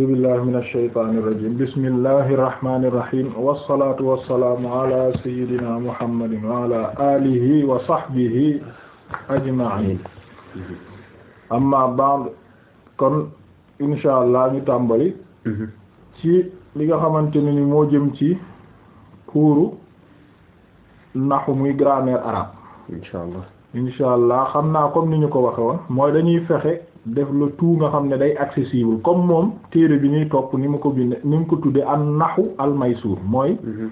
a'uuzu billahi mina shaytaani rajiim bismillahi rahmaani rahiim wa ala aalihi wa sahbihi ajma'iin amma ba'd kon insha allah ñu ci li nga xamante ne ni moo jëm ci kuuru naxu muy grammaire arabe insha allah insha ni ñu ko waxe mooy dañuy fexe def la tout nga xam ne day accessible comme moom téere bi ñuy topp ni mu ko bindee ni mu ko tuddee am naxu al maysuur mooy mm-hmm.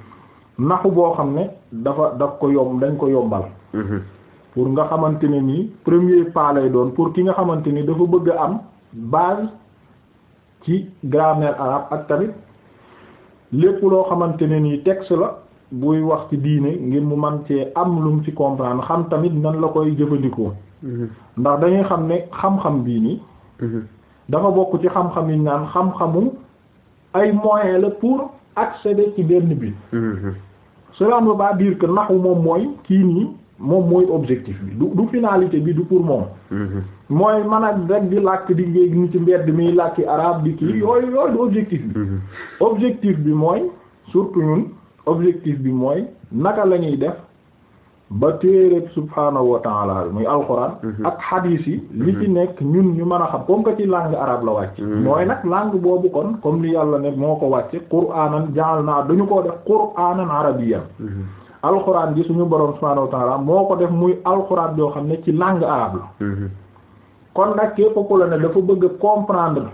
naxu boo xam ne dafa daf ko yomb dañ ko yombal mm-hmm. pour nga xamante ne nii premier pas lay doon pour ki nga xamante ni dafa bëgg am baal ci grammaire arabe ak tamit lépp loo xamante ne nii texte la buy wax ci diine ngir mu man cee am lu mu ci comprendre xam tamit nan la koy jëfandikoo mhm. ndax dañuy xam ne xam-xam bii nii mhm. dafa bokk ci xam-xam yi naan xam-xamu ay moyen la pour accéder ci benn bi mhm. cela ne veut pas dire que naxu moom mooy kii nii moom mooy objectif bi du du finalité bi du pour moom mooy man ak rek di làkk di ngéeg ni ci mbedd mi làkki arabe di kii yooyu yooyu objectif bi objectif bi mooy surtout ñun objectif bi mooy naka la ñuy def ba téereb subhaanahu wa ta'ala bi muy alxuraan mhm. ak xadiis yi li ci mhm. nekk ñun ñu mën a xam comme que ci langue arabe la wàcc mhm. mooy nag langue boobu kon comme ni yàlla ne moo ko wàcce qur'aanan ja'alnaa dañu koo def qur'aanan arabiyyan alxuraan ji suñu borom subhaanahu wa moo ko def muy alxuraan yoo xam ne ci langue arabe la kon nag képp ku la ne dafa bëgg comprendre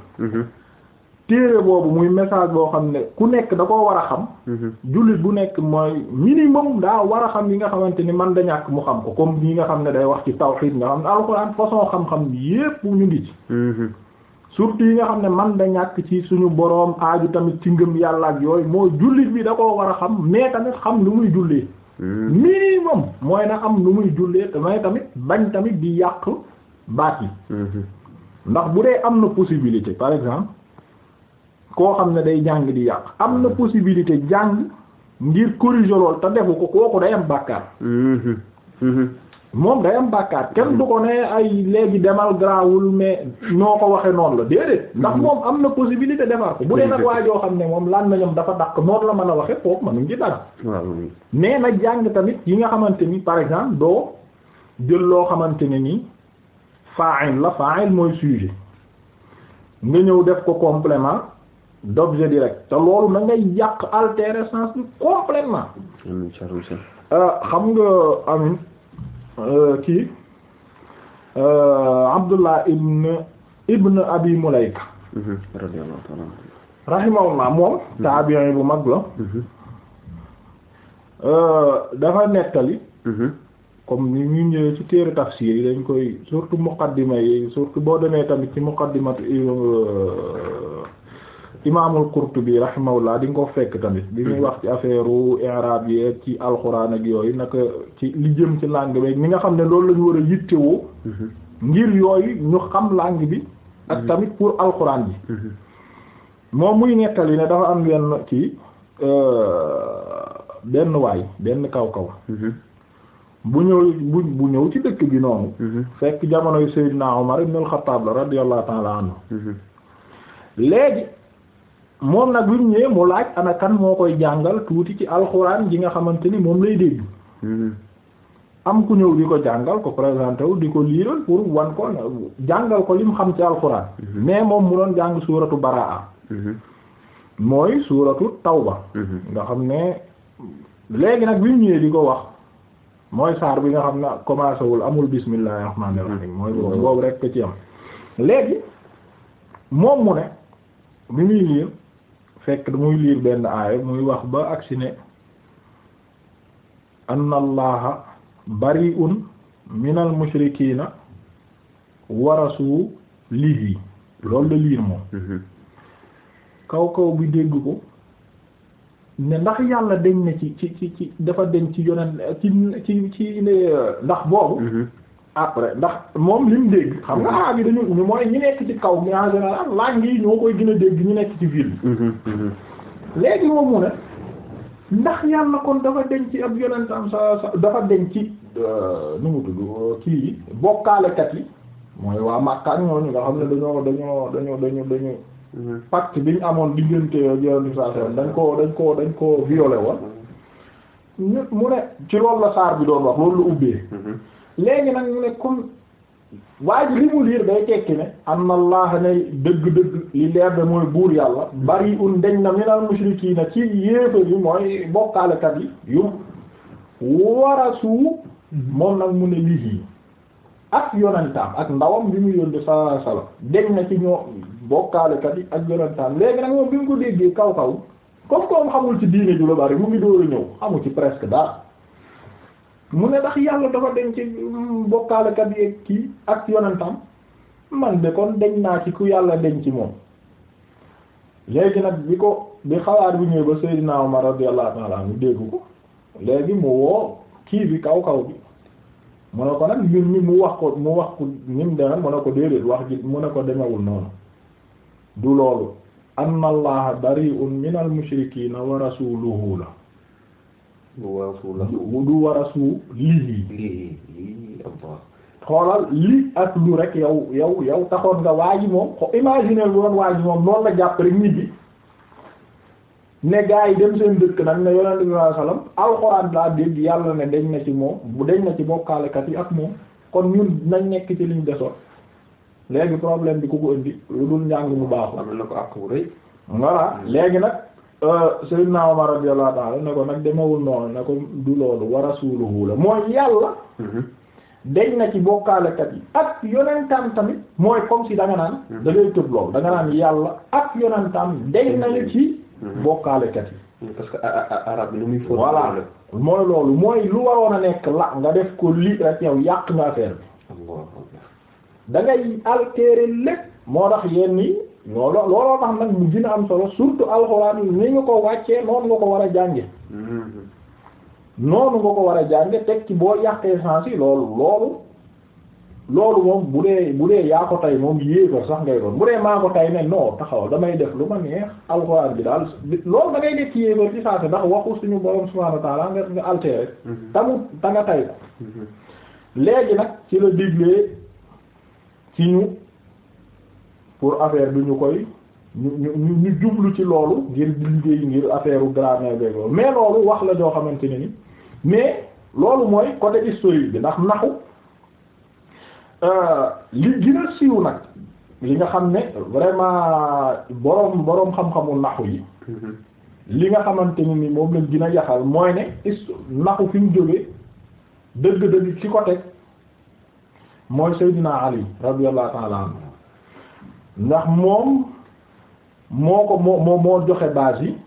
téere boobu muy message boo xam ne ku nekk da koo war a xam mhm. jullit bu nekk mooy minimum daa war a xam yi nga xamante ni man da ñàkk mu xam ko comme yi nga xam ne day wax ci tawxiid nga xam ne alxuraan façon xam-xam yépp ñu ngi ci mhm. surtout yi nga xam ne man da ñàkk ci suñu boroom aaju tamit ci ngëm yàlla ak yooyu mooy jullit bi da koo war a xam mais tamit xam lu muy jullee mhm. minimum mooy na am lu muy jullee te may tamit bañ tamit di yàq baat yi ndax bu dee am na possibilité par exemple koo xam ne day jàng di yàq am na hmm. possibilité jàng ngir corriger lool te defu ko kooku day am bàkkaar hmm. Hmm. moom day am bàkkaar kenn du ko ne ay léegi demal grawul mais noo ko waxee noonu la déedéet ndax moom am na possibilité defar ko bu dee nag waajoo xam ne moom lan na nañam dafa dàq noonu la mën a waxe foofu mënuñ ci dara mais nag jàng tamit yi nga xamante ni par exemple doo jël loo xamante ne nii fa'il la fa'il mooy sujet nga ñëw def ko complément d'objet direct te loolu na ngay yàq altérer sens euh, xam nga amin euh, kii euh, Abdullah ibn ibn Abi Mulayka mhm, rahimahullah moom mhm. taabi'i bu mag la mhm. dafa nettali comme ni ñu ñëwee ci téere tafsir yi dañ koy surtout muqaddima yi surtout boo demee tamit ci muqaddimatu imaamul Qurtubi rahimahullah di dinga ko fekk tamit bi muy mhm. wax ci affaire u i'rab yi ci alxuraan ak yooyu naka ci li jëm ci langue bi ni nga xam ne loolu la ñu war a yittewoo mhm. ngir yooyu ñu xam langue bi ak mhm. tamit pour alxuraan bi moom muy nettali ne dafa am benn ci euh, benn waay benn kaw kaw bu ñëw bu bu ñëw ci dëkk bi noonu fekk jamonoy Seydina Umar ibn al-Khattab la radiyallahu ta'ala anhu léegi moom nag lu ñëwee mu laaj ana kan moo koy jàngal tuuti ci alxuraan ji nga xamante ni moom lay dégg. Hmm. am ku ñëw di ko jàngal ko présenté wu di ko liiral pour wan ko jàngal ko li mu xam ci alxuraan. Hmm. mais moom mu doon jàng suuratu baraa. Hmm. mooy suuratu taw tawba. nga xam ne léegi nag bi ñëwee di ko wax mooy saar bi nga xam ne commencé wul amul bismillahir rahmanir rahim mooy boobu rek ci am léegi moom mu ne bi muy liir. fekk muy liir benn aaya muy wax ba agsi ne anna allaha bari'un minal mushrikiina wa rasuulihi loolu la liir moom mhm. kaw kaw bi dégg ko ne ndax yàlla deñ na ci ci ci ci dafa deñ ci yonent ci ci ci ndax boobu mhm. après ndax moom lim dégg xam nga arab yi dañu ñu mooy ñi nekk ci kaw mais en général langue yi ñoo koy gine a dégg ñu nekk ci ville bi mhm, mhm. léegi moom mu ne ndax yàlla kon dafa denc ci ab sa sa dafa denc ci euh, nu mu tudd kii yi bokkaalekat yi mooy waa Makka ak ñooñu nga xam ne dañoo dañoo dañoo dañoo dañoo mhm. pacte bi ñu amoon diggante yonentu sa sa dañ ko dañ ko dañ ko violé woon ñu mu ne ci loolu la saar bi doon wax loolu la ubbee léegi nag mu ne comme waa ji liir day tekki ne am na allah ne dëgg-dëgg li leer de mooy buur yàlla bari un deñ na minal mushrikiina ci yéefar yi mooy bokkaalekat yi yu warasu moom nag mu ne lii ak yonentaam ak ndawam bi mu yónde sa sala deñ na ci ñoo bokkaalekat yi ak yonentaam léegi nag moom bi mu ko déggee kaw kaw comme comme xamul ci diine ju la bari mu ngi dóoru ñëw xamul ci presque dara mu ne ndax yàlla dafa denc bokkaalekat yeeg kii ak yonentam man de kon deñ naa ci ku yàlla denc moom léegi nag bi ko bi xawaar bi ñëw ba Seydina Omar radiyallahu ta'ala anhu dégg ko léegi mu woo kii bi kaw kaw bi mu ne ko nag mi mu wax ko mu wax ku ni mu demee mu ne ko déedéet wax ji mu ne ko demewul noonu du loolu anna allaha bari'un minal mushrikiina wa rasuluhu la du warasu lii lii lii Allah xoolal li ak lu rek yow yow yow taxoon nga waa ji moom xo imaginer bu doon moom noonu la jàpp rek nit yi ne gaa yi dem seen dëkk nag ne yonent bi sallallahu alayhi wasallam alxuraan laa dégg yàlla ne dañ na ci moom bu dañ na ci bokkaalekat yi ak moom kon ñun nañ nekk ci liñ desoon léegi problème bi ku ko indi lu dul njàng mu baaxul. am na ko ak wu rëy. voilà léegi nag. Euh, Seydina Omar radiyallahu ta'ala ne ko nag demewul noonu ne ko du loolu wa rasuluhu la mooy yàlla mhm. dañ na ci bokkaalekat yi ak yonentam tamit mooy comme si da naan mhm. da ngay tëb loolu da nga naan yàlla ak yonentam dañ nañu ci mhm. bokkaalekat yi parce que arab lu muy mooy loolu mooy lu waroon a nekk la nga def ko li rek yow yàq nga affaire bi da ngay lépp moo tax yenn yi non looloo tax nag mu am solo surtout alxuraan ni nga ko wàccee noonu nga ko war a jànge mm-hmm. noonu ko war a jànge teg ci boo yàqee sens yi loolu loolu loolu moom bu dee bu dee yaa ko tay moom yéegal sax ngay doon bu dee maa ko tay ne non taxaw damay def lu ma neex alxuraan bi daal loolu da ngay nekk yéegal ci saa si ndax waxu suñu borom subhaanahu wa nga nga altéré mm-hmm. tamu ta tay ko mm-hmm. léegi nag ci la diglee ci ñu pour affaire bi ñu koy ñu ñu ñu jublu ci loolu ngir di liggéey ngir affaire u grammaire beeg loolu loolu wax la joo xamante ne ni mais loolu mooy côté historique bi ndax naxu euh, li gën a siiw nag li nga xam ne vraiment boroom boroom xam-xamu naxu yi mm-hmm. li nga xamante ne ni moom lañ gën a yaxal mooy ne is naxu fi mu dëgg-dëgg ci ko mooy Seydina Ali radiyallahu ta'ala anhu ndax moom moo ko moo moo moo joxe base yi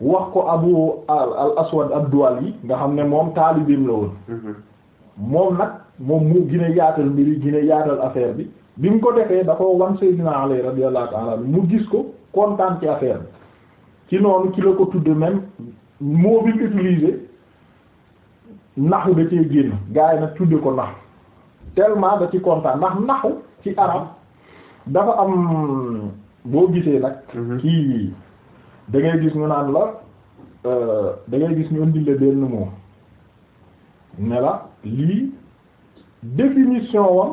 wax ko abu al aswad ad yi nga xam ne moom taalibeem la woon mhm. moom nag moom mu gën a yaatal mbiri gën yaatal affaire bi bi mu ko defee dafa wan sayyidina ali radiyallahu ta'ala mu gis ko kontaan ci affaire bi ci noonu ci la ko tudde même moo bi utilisé naxu da cee génn gars nag tudde ko nax tellement da ci kontaan ndax naxu ci arab dafa am boo gisee nag mhm. kii da ngay gis ñu naan la euh, da ngay gis ñoo indil la benn moom ne la lii définition wam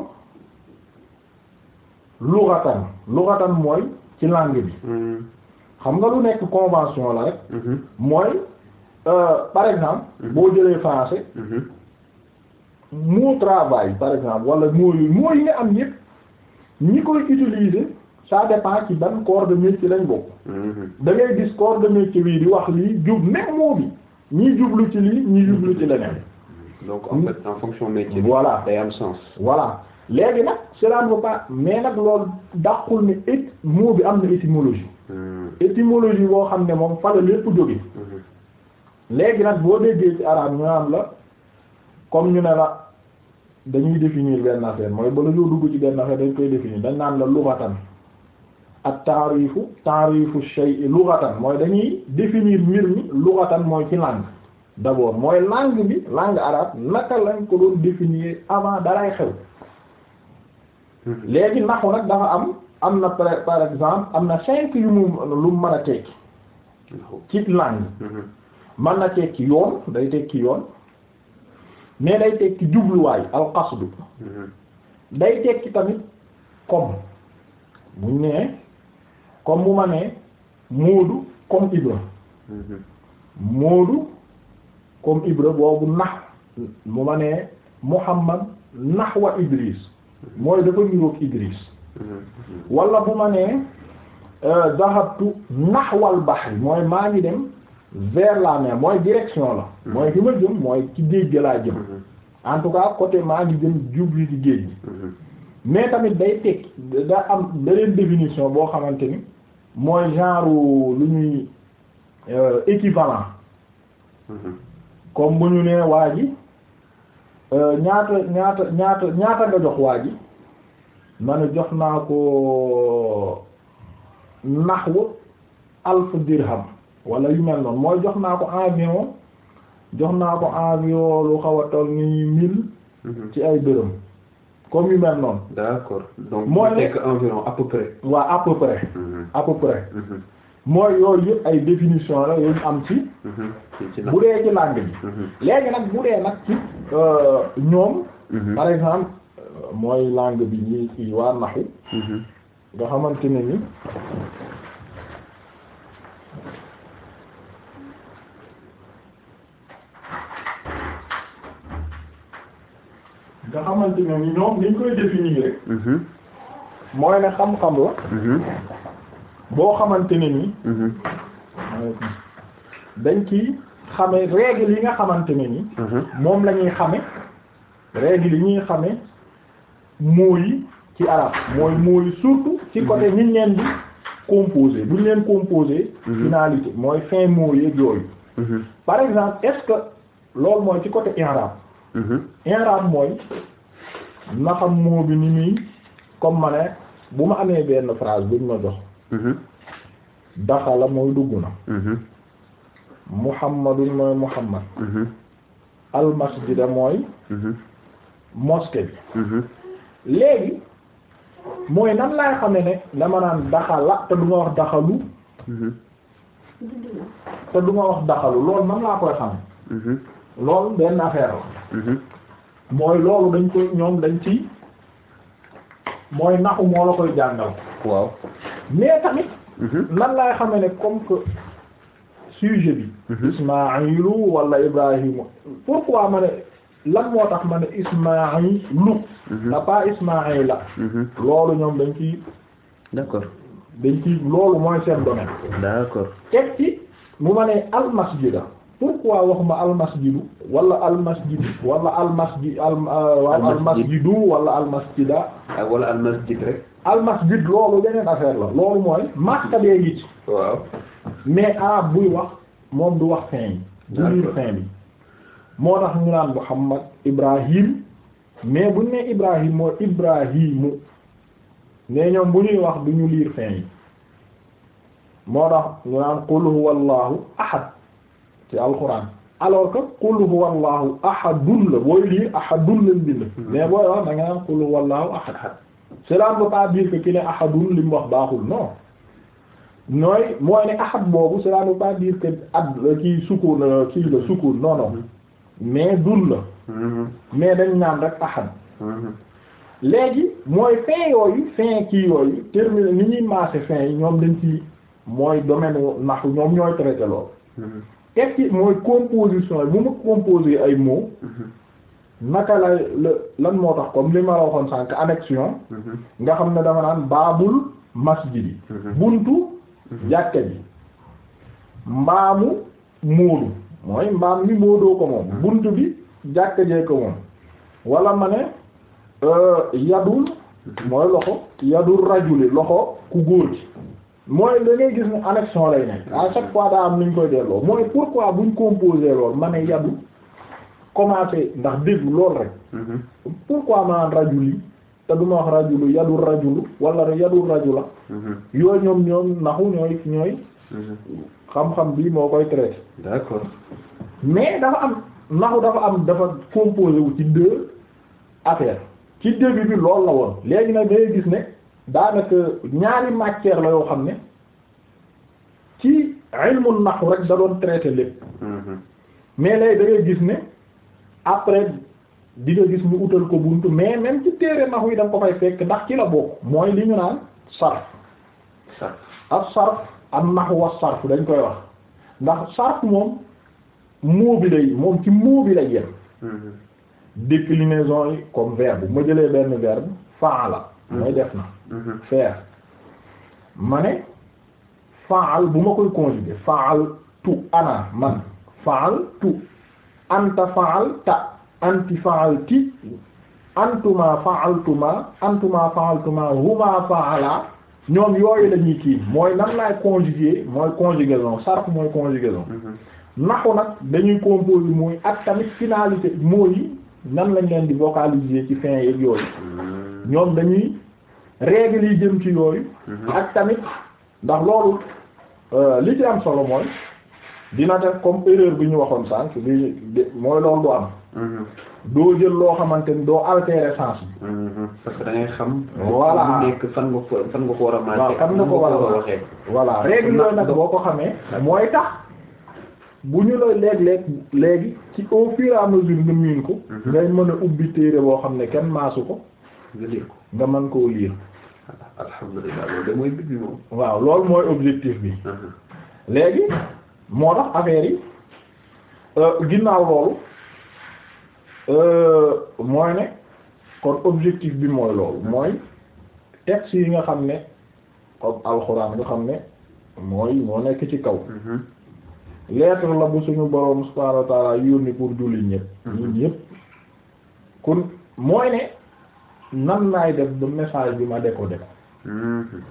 lughatan lughatan mooy ci langue bi mhm. xam nga lu nekk convention la rek mhm. mooy euh, par exemple boo jëlee français mot travail par exemple wala mooyu mooy yi nga am yépp ñi koy utiliser ça dépend ci ban corps de métier lañ bokk. Mhm. da ngay gis corps de métier bii di wax lii jub même moo bi ñi jublu ci lii ñi jublu ci leneen. donc en fait en fonction voilà day am sens. voilà léegi nag cela ne veut pas mais nag loolu dàqul ne it moo bi am na étymologie. Mhm. étymologie boo xam ne moom fa lépp jóge mhm. léegi nag boo déggee ci arabe ñu naan la comme ñu ne la. dañuy définir benn affaire mooy bala ñoo dugg ci benn affaire dañ koy définir dañ naan la lughatan ak taarifu taarifu shay'i lughatan mooy dañuy définir mbir mi lughatan mooy ci langue d'abord mooy langue bi langue arabe naka lañ ko doon définir avant daray xew léegi naxu nag dafa am am na par exemple am na cinq yu mu lu mën a tekki ci langue man mm-hmm. na tekki yoon day tekki yoon mais day tekki jubluwaay alqasdu mhm. day tekki tamit comme buñ nee comme bu ma nee moodu comme ibra mhm. moodu comme ibra boobu nax bu ma nee muhammad nahwa idris mooy dafa niroog idris mhm. wala bu ma nee euh, dahabtu nahwal bahri mooy maa ngi dem vers la mer mooy direction la mooy fi ma jëm mooy ci géej ga laa jëm mhm. en tout cas côté maa ngi jëm jubli ci géej gi mhm. mais tamit day tekki da am beneen boo xamante ni mooy genre lu ñuy euh, équivalent mhm. comme bu ñu nee waa ji euh, ñaata ñaata ñaata ñaata nga jox waa ji ma jox naa ko naxwu alf dirham wala yu mel noonu mooy jox naa ko environ jox naa ko environ lu xaw a toll nii mille. Mhm. ci ay dërëm. comme yu mel noonu. d'accord donc mu nekk environ à peu près. waaw à près. Mhm. à près. Mhm. mooy yooyu yëpp ay définition la yuñ am ci. bu dee ci langue bi. léegi nag bu dee nag ci euh, ñoom. par exemple euh, mooy langue bi ñuy ci waa naxu. nga xamante ne nga xamante ne ñoom ni ñu koy définir rek. Mhm. mooy ne xam-xam la. Mhm. boo xamante ne ni. Mhm. dañ ci xame règle yi nga xamante ne ni. moom la ñuy xame règle yi ñuy xame yi ci arab mooy mooy surtout. ci côté niñ leen di composé buñ leen composé. finalité mooy fin mooy yooyu. par exemple est-ce que loolu mooy ci côté i'rab. Mm-hmm. i'rab mooy na xam moo bi ni muy comme ma ne bu ma amee benn phrase buñ ma jox mm-hmm. daxala mooy dugg na mm-hmm. muhammadun mooy muhammad almasjida mooy mosquée bi léegi mooy nan laay xam ne dama naan daxala te du ma wax daxalu te du ma wax daxalu loolu nan laa koy xam loolu benn affaire mhm. mooy loolu dañ koy ñoom dañ ci mooy naxu moo la koy jàngal waaw mais tamit mhm. nan laay xam ne comme que sujet bi mhm. ismailu wala ibrahimu pourquoi ma ne lan moo tax ma ne ismailu na pas ismaila loolu ñoom dañ ci d'accord dañ ci loolu mooy seen domaine d'accord teg ci mu ma ne almasjida pourquoi wax ma almasjidu wala almasjidu wala almasji al euh, almasjidu wala almasjida ah, wala almasjid rek almasjid loolu beneen affaire la loolu mooy màkka bee ci waaw mais arab buy wax moom du wax fin bi du fin bi moo tax ñu naan Muhammad Ibrahim mais buñ ne Ibrahim mooy Ibrahimu mais ñoom bu ñuy wax du ñu liir fin yi moo tax ñu naan qul huwallahu ahad ci alquran alors que allahu ahadun la booy lii ahadun lañ bind hmm. mais booy wax naan qul huwa allahu ahad cela ne veut pas ki ne ahadun li wax baaxul non nooy mooy ne ahad boobu cela ne veut pas dire que ad kii sukkoon la kii la hmm. mais dun la hmm. mais dañ naan rek ahad léegi mooy fin yooyu fin kii yooyu terminé ni ñuy maase fin yi ñoom dañ ci mooy domaine naxu ñoom ñooy traité teg ci mooy composition yi bu ma ay mots mhm. naka la la lan moo tax comme li ma la waxoon sànq annexion mhm. nga xam ne dama naan baabul masjid yi mhm. buntu jàkka ji mbaamu móodu mooy mbaam mi móodoo ko moom buntu bi jàkka jee ko moom wala ma ne euh, yadul mooy loxo yadul rajuli loxo ku góor gi mooy da ngay gis ne annexion lay nekk à chaque fois daa am nuñ koy delloo mooy pourquoi buñ composé lool ma ne yadu commencé ndax déglu lool rek. Mhm. pourquoi ma naan rajuli te du ma wax rajulu yadu rajulu wala yadu rajula. Mhm. yooyu ñoom ñoom naxu ñooy ñooy. Mhm. xam-xam bi moo koy traité. d'accord mais dafa am naxu dafa am dafa composé wu ci deux affaires ci bi loolu la woon léegi nag da gis ne. daanaka ñaari matière la yoo xam ne ci ilmul nahw rek da traité lépp mhm. mais lay da gis ne après di nga gis mu utal ko buntu mais même ci téere nahw yi da ko fay fekk ndax ci la bokk mooy li ñu naan sarf sarf ak sarf ak nahw wa sarf dañ koy wax ndax sarf moom moo bi moom ci moo bi lay yem mhm. déclinaison yi comme verbe ma jëlee benn verbe faala mhm. mooy def na Mhm. faire ma ne faal bu ma koy conjuguer faal tu ana man faal tu anta faal ta anti faal ti antuma faaltuma antuma faaltuma huma faala ñoom yooyu la ñuy kii mooy nan laay conjuguer mooy conjugaison sarf mooy conjugaison mhm. naxu nag dañuy composer mooy ak tamit finalité mooy nan lañ leen di vocaliser ci fin yeeg yooyu mhm. ñoom dañuy règles yi jëm ci yooyu mhm. ak tamit ndax loolu euh, li ci am solo mooy dina def comme erreur bi ñu waxoon sànq bi mooy loolu du am mhm. doo jël loo xamante ni doo altérer sens mhm. parce que da ngay xam voilà nekk fan ko fan nga ko war a voilà règle nag boo ko xamee mooy tax bu ñu la léeg-léeg léegi ci au fur et à mesure nga miin ko ngay mën a ubbi téere boo xam ne kenn maasu ko nga liir ko nga mën koo liir waaw loolu mooy objective bi léegi moo tax affaire yi euh, ginnaaw loolu euh, mooy ne kon objectif bi mooy loolu mooy texte yi nga xam ne comme alxuraan nga xam ne mooy moo nekk ci kaw lettre la bu suñu boroom subhaanahu wa ta'aala yónni pour julli ñëpp ñun ñëpp kon mooy ne nan laay def ba message bi ma décoder ko mm-hmm.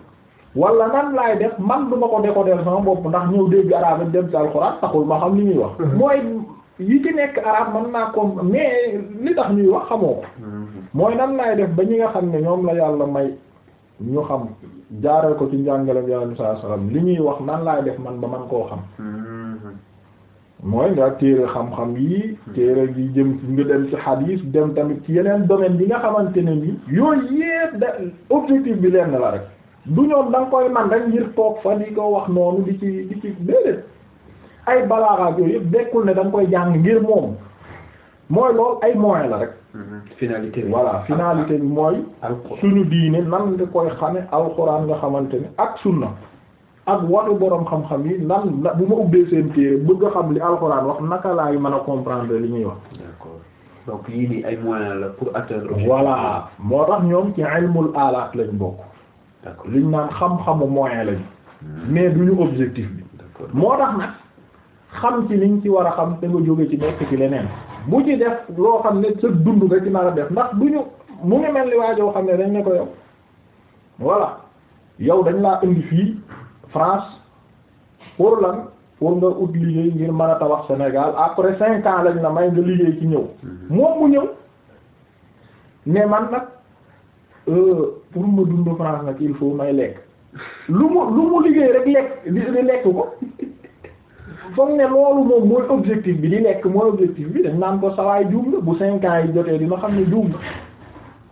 wala nan laay def man du ma ko décoder sama bopp ndax ñëw dégg arabe dem ci alxuraan taxul ma xam li ñuy wax mm-hmm. mooy yi ci nekk arabe man naa ko mais li tax ñuy wax xamoo ko mm-hmm. mooy nan laay def ba ñi nga xam ne ñoom la yàlla may ñu xam jaaral ko ci njàngalam yàlla sallallahu alayhi wasallam li ñuy wax nan laay def man ba man koo xam mooy nga téere xam-xam yi téere gi jëm nga dem ci xadiis dem tamit ci yeneen domaine bi nga xamante ne ni yooyu yépp da objectif bi na la rek du ñoom da nga koy man rek ngir toog fa di ko wax noonu di ci di ci déedéet ay balaaxaak yooyu yépp dekkul ne da koy jàng ngir moom mooy loolu ay moyen la rek mhm. finalité bi voilà finalité bi mooy suñu diine nan nga koy xame alxuraan nga xamante ne ak sunna ak watu boroom xam-xam yi nan la bu ma ubbee seen téere bëgg a xam li alxuraan wax naka laa laay mën a comprendre li ñuy wax. d'accord donc yii nii ay moyens la pour atteindre. voilà moo tax ñoom ci ilmul lañ bokk. liñ naan xam moyen lañ. Hmm. mais objectif bi. moo tax nag xam ci liñ ci war a xam te nga jóge ci nekk ci leneen. bu ci def loo xam ne sa dund nga ci nar a def ndax duñu mu ngi mel ni waajoo xam ne dañ ne ko yow. voilà yow dañ laa indi fii. France pour lan pour nga ut liggéey ngir mën a tabax Sénégal après cinq ans lañ la may nga liggéey ci ñëw mm-hmm. moom mu ñëw ne man nag euh, pour ma dund France nag il faut may lekk lu mu lu mu liggéey rek lekk di lekk ko foog ne loolu moom mooy objectif bi di lekk mooy objectif bi dañ naan ko sawaay juum bu cinq ans yi jotee dina xam ne juum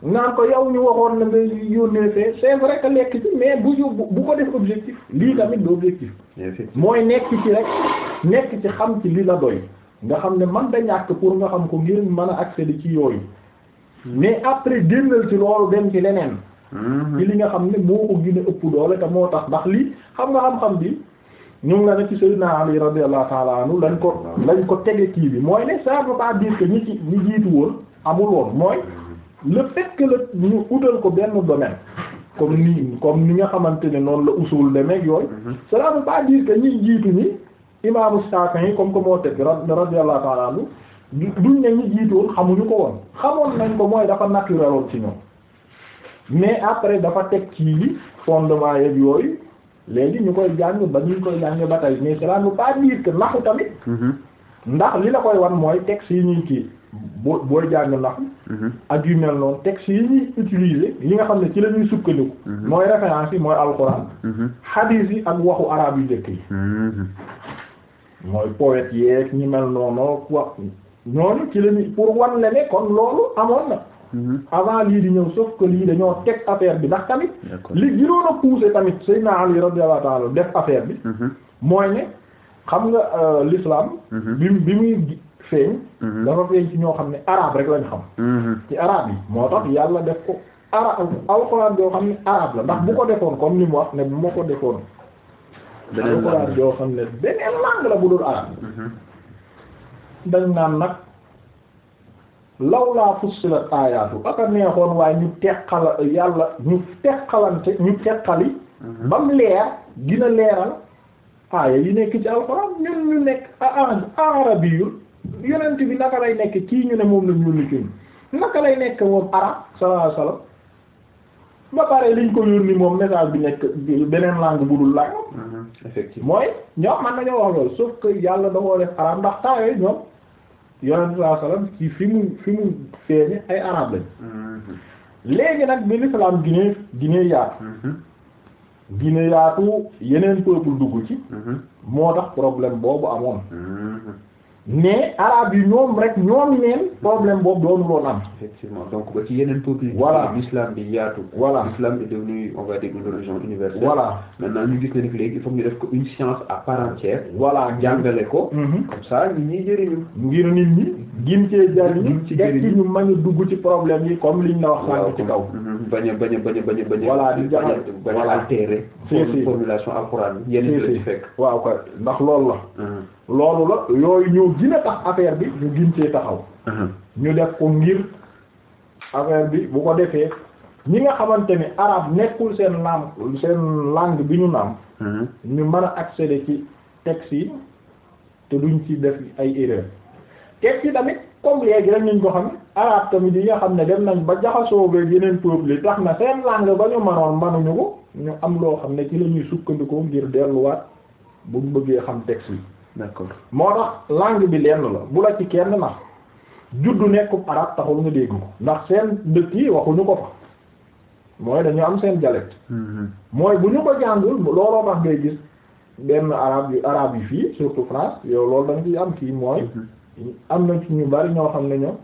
naan ko yow ñu waxoon na nga yónnee fee c'est vrai que lekk ci mais bu yóbbu bu ko def objectif lii tamit du objectif mooy nekk ci rek nekk ci xam ci li la doy nga xam ne man da ñàkk pour nga xam ko ngir man a accéder ci yooyu mais après génnal ci loolu dem ci leneen mm-hmm. ci li nga xam ne moo ko gën a ëpp doole te moo tax ndax lii xam nga xam-xam bi ñu ngi la ne ci Sayyidina Ali radiyallahu ta'ala anhu lañ ko lañ ko tege kii bi mooy ne ça veut pas dire que ñi ci ñi jiitu woon amul mooy le fait que la ñu utal ko benn domaine comme nii comme ni nga xamante ne noonu la usul demeeg yooyu mhm. cela veut pas dire que ñi jiitu ñi imaamu Shafi'i comme que moo teg radiyallahu ta'ala anhu duñ ne ñi jiitoon xamuñu ko woon xamoon nañ ko mooy dafa naturel ci ñoom mais après dafa teg ci fondement yeeg yooyu léegi ñu koy jàng ba ñu koy jàng ba tey mais cela ne veut pas dire tamit mhm. ndax li la koy wan mooy texte yi ñuy kii boo booy jàng ndax mhm. ak yu mel noonu texte yi ñuy utiliser yi nga xam ne ci la sukkandiku mhm. mooy référence yi mooy alxuraan mhm. hadith yi ak waxu araab yu njëkk yi mooy poète yeeg ñi mel noonu wax ñooñu ci la ñuy pour wan le ne kon loolu amoon na avant lii di ñëw sauf lii dañoo teg affaire bi ndax tamit li gënoon a poussé tamit Seydina Ali radiyallahu ta'ala def affaire bi mooy ne xam nga euh, l'islam bi bi gi feeñ mhm. dafa feeñ ci ñoo xam ne arabe rek lañ xam mhm. ci arabe yi moo tax yàlla def ko arabe alxuraan yoo xam ne arabe la ndax bu defoon comme ni wax ne bu ma ko defoon alxuraan yoo xam ne beneen langue la bu dul arabe mhm. dañ naan nag lawlaa fussilat aayaatu aka neexoon waaye ñu teqalante ñu teqali bam leer gina leeral aaya yi nekk ci alxuraan ñun ñu nekk a arabi yu yonent bi naka lay nekk kii ñu ne moom la ñu yónni naka lay nekk moom arab sallallahu alayhi wasallam ba pare liñ ko yónni moom message bi nekk beneen langue bu dul langue. Mhm, effectivement mooy ñoom man nañoo wax loolu sauf que yàlla da koo def arab ndax temps yooyu ñoom yonent sallallahu alayhi wasallam ci fi mu fi mu feeñe ay arab lañ. Mhm. léegi nag bi l'islam Guinée Guinée yaatu. Mhm. Guinée yaatu yeneen peuple dugg ci. moo tax problème boobu amoon. mais arabe yi ñoom rek ñoom neen problème boobu doonu loon am effectivement donc ba ci yeneen peuple voilà l'islam bi yaatu voilà l'islam est devenu on va dire une religion universelle voilà maintenant ñu gis ne def léegi il faut ñu def ko une science à part entière voilà jàngale ko mm-hmm. comme ça ñi ñuy jëriñu ngir nit ñi gin cee jariñu ci ñu mën a dugg ci problème yi comme liñ la wax sànq ci kaw mm-hmm. bañ a bañ a bañ a bañ a bañ a. voilà di jaxal voilà téere. si si formulation alxuraan bi. yenn la fekk waaw kay ndax lool la. Hmm. loolu la yooyu ñoo gën a tax affaire bi ñu gën ci taxaw. Hmm. ñu def ko ngir affaire bi bu ko defee ñi nga xamante ni arabe nekkul seen naam seen langue bi ñu naam. Hmm. ñu mën a accéder ci texte yi te duñ ci def ay erreur texte tamit. comme léegi rek ñu ko xam arab tamit yi nga xam ne dem nañ ba jaxasoo ba yeneen peuples yi tax na seen langue ba ñu manoon manuñu ko ñu am loo xam ne ci la ñuy sukkandikoo ngir delluwaat bu ñu bëggee xam texte yi. d'accord moo tax langue bi lenn la bu la ci kenn nax juddu nekkum arab taxul nga dégg ko ndax seen dëkk yi waxuñu ko fa mooy dañu am seen dialecte. Mm-hmm. mooy bu ñu ko jàngul looloo tax ngay gis benn arab yi arab yi fii surtout France yow loolu da nga ciy am kii am na ci ñu bari ñoo xam ne ñoom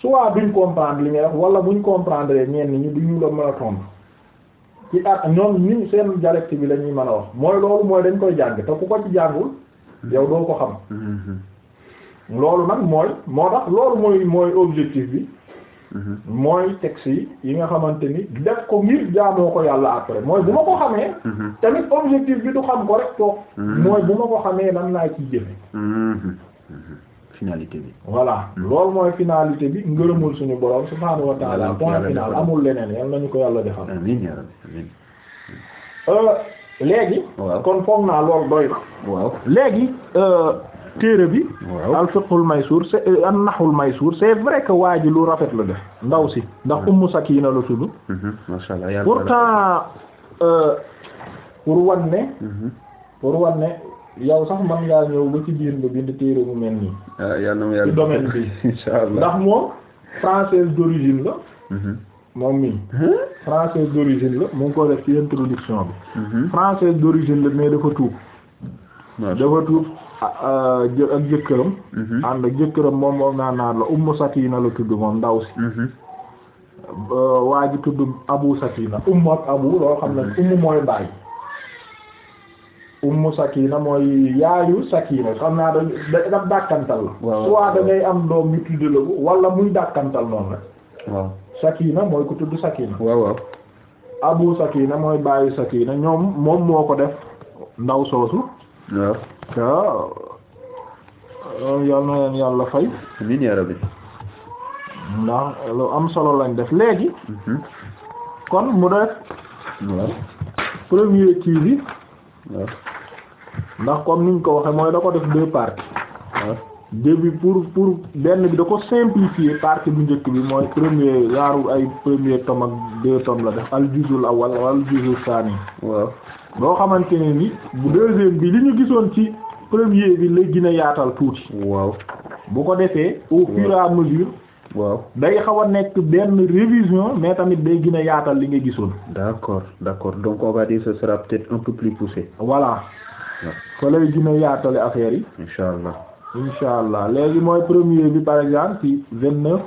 soit duñ comprendre li ngay wax wala buñ comprendre ñenn ñi duñu la mën a tontu ci at ñoom ni seen dialecte bi la ñuy mën a wax mooy loolu mooy dañ koy jàng te ku ko ci jàngul yow doo ko xam loolu nag mooy moo tax loolu mooy mooy objectif bi mooy texte yi yi nga xamante ni def ko ngir jaamoo ko yàlla après mooy bu ma ko xamee tamit objectif bi du xam ko rek toog mm-hmm. mooy bu ma ko xamee lan laa ciy jëfe mm-hmm. Mhm. finalité bi. voilà loolu mooy finalité bi ngërëmul suñu borom subhaanahu wa ta'ala point final amul leneen yal nañu ko yàlla defal. amiin yaa rabbi amiin. Euh, léegi. kon foog naa lool doy na. léegi. Euh, téere bi. waaw al fiqhul maysur c'est euh, an nahul maysur c'est vrai que waa ji lu rafet la def. ndaw si ndax ummu sakina la tudd. Mhm. macha allah pour wan mhm. pour wan yow sax man ngaa ñëw ba ci biir nga bind téere bu mel nii. Ah, ci domaine bi ndax moom française d'origine la. Mhm. moom mii. française d'origine la mu ko def ci introduction bi. Mhm. française d'origine la mais dafa tuub. dafa tuub ak jëkkëram. Mhm. ànd ak jëkkëram moom moom naa naar la Ummu Sakiina la tudd moom ndaw si. waa ji tudd Abu Sakiina Ummu ak Abu loo xam ne Ummu mooy baay. ummu sakina mooy yaayu sakina xam naa da da la soit da ngay am doom ñu tudd la ko wala muy dàkkantal noonu la waaw sakina mooy ku tudd sakina waaw waaw abu sakina mooy baayu sakina ñoom moom moo ko def ndaw soosu waaw te euh, yal na leen yàlla fay amiin lu am solo lañ def léegi mhm. kon mu def premier kii ndax comme niñ ko waxe mooy da ko def deux parties début pour pour benn bi da ko simplifier partie bu njëkk bi mooy premier genre ay premier tome ak deux tomes la def al juzul awal wal juzul sani waaw loo xamante ne ni bu deuxième bi li ñu gisoon ci premier bi la gën yaatal tuuti waaw bu ko defee au fur mesure waaw day xaw a nekk benn révision mais tamit day gën a yaatal li nga gisoon. d'accord d'accord donc on va dire ce sera peut-être un plus poussé. voilà. fa lay gën a yaatale affaire yi. incha allah. incha allah léegi mooy premier bi par exemple ci vingt neuf.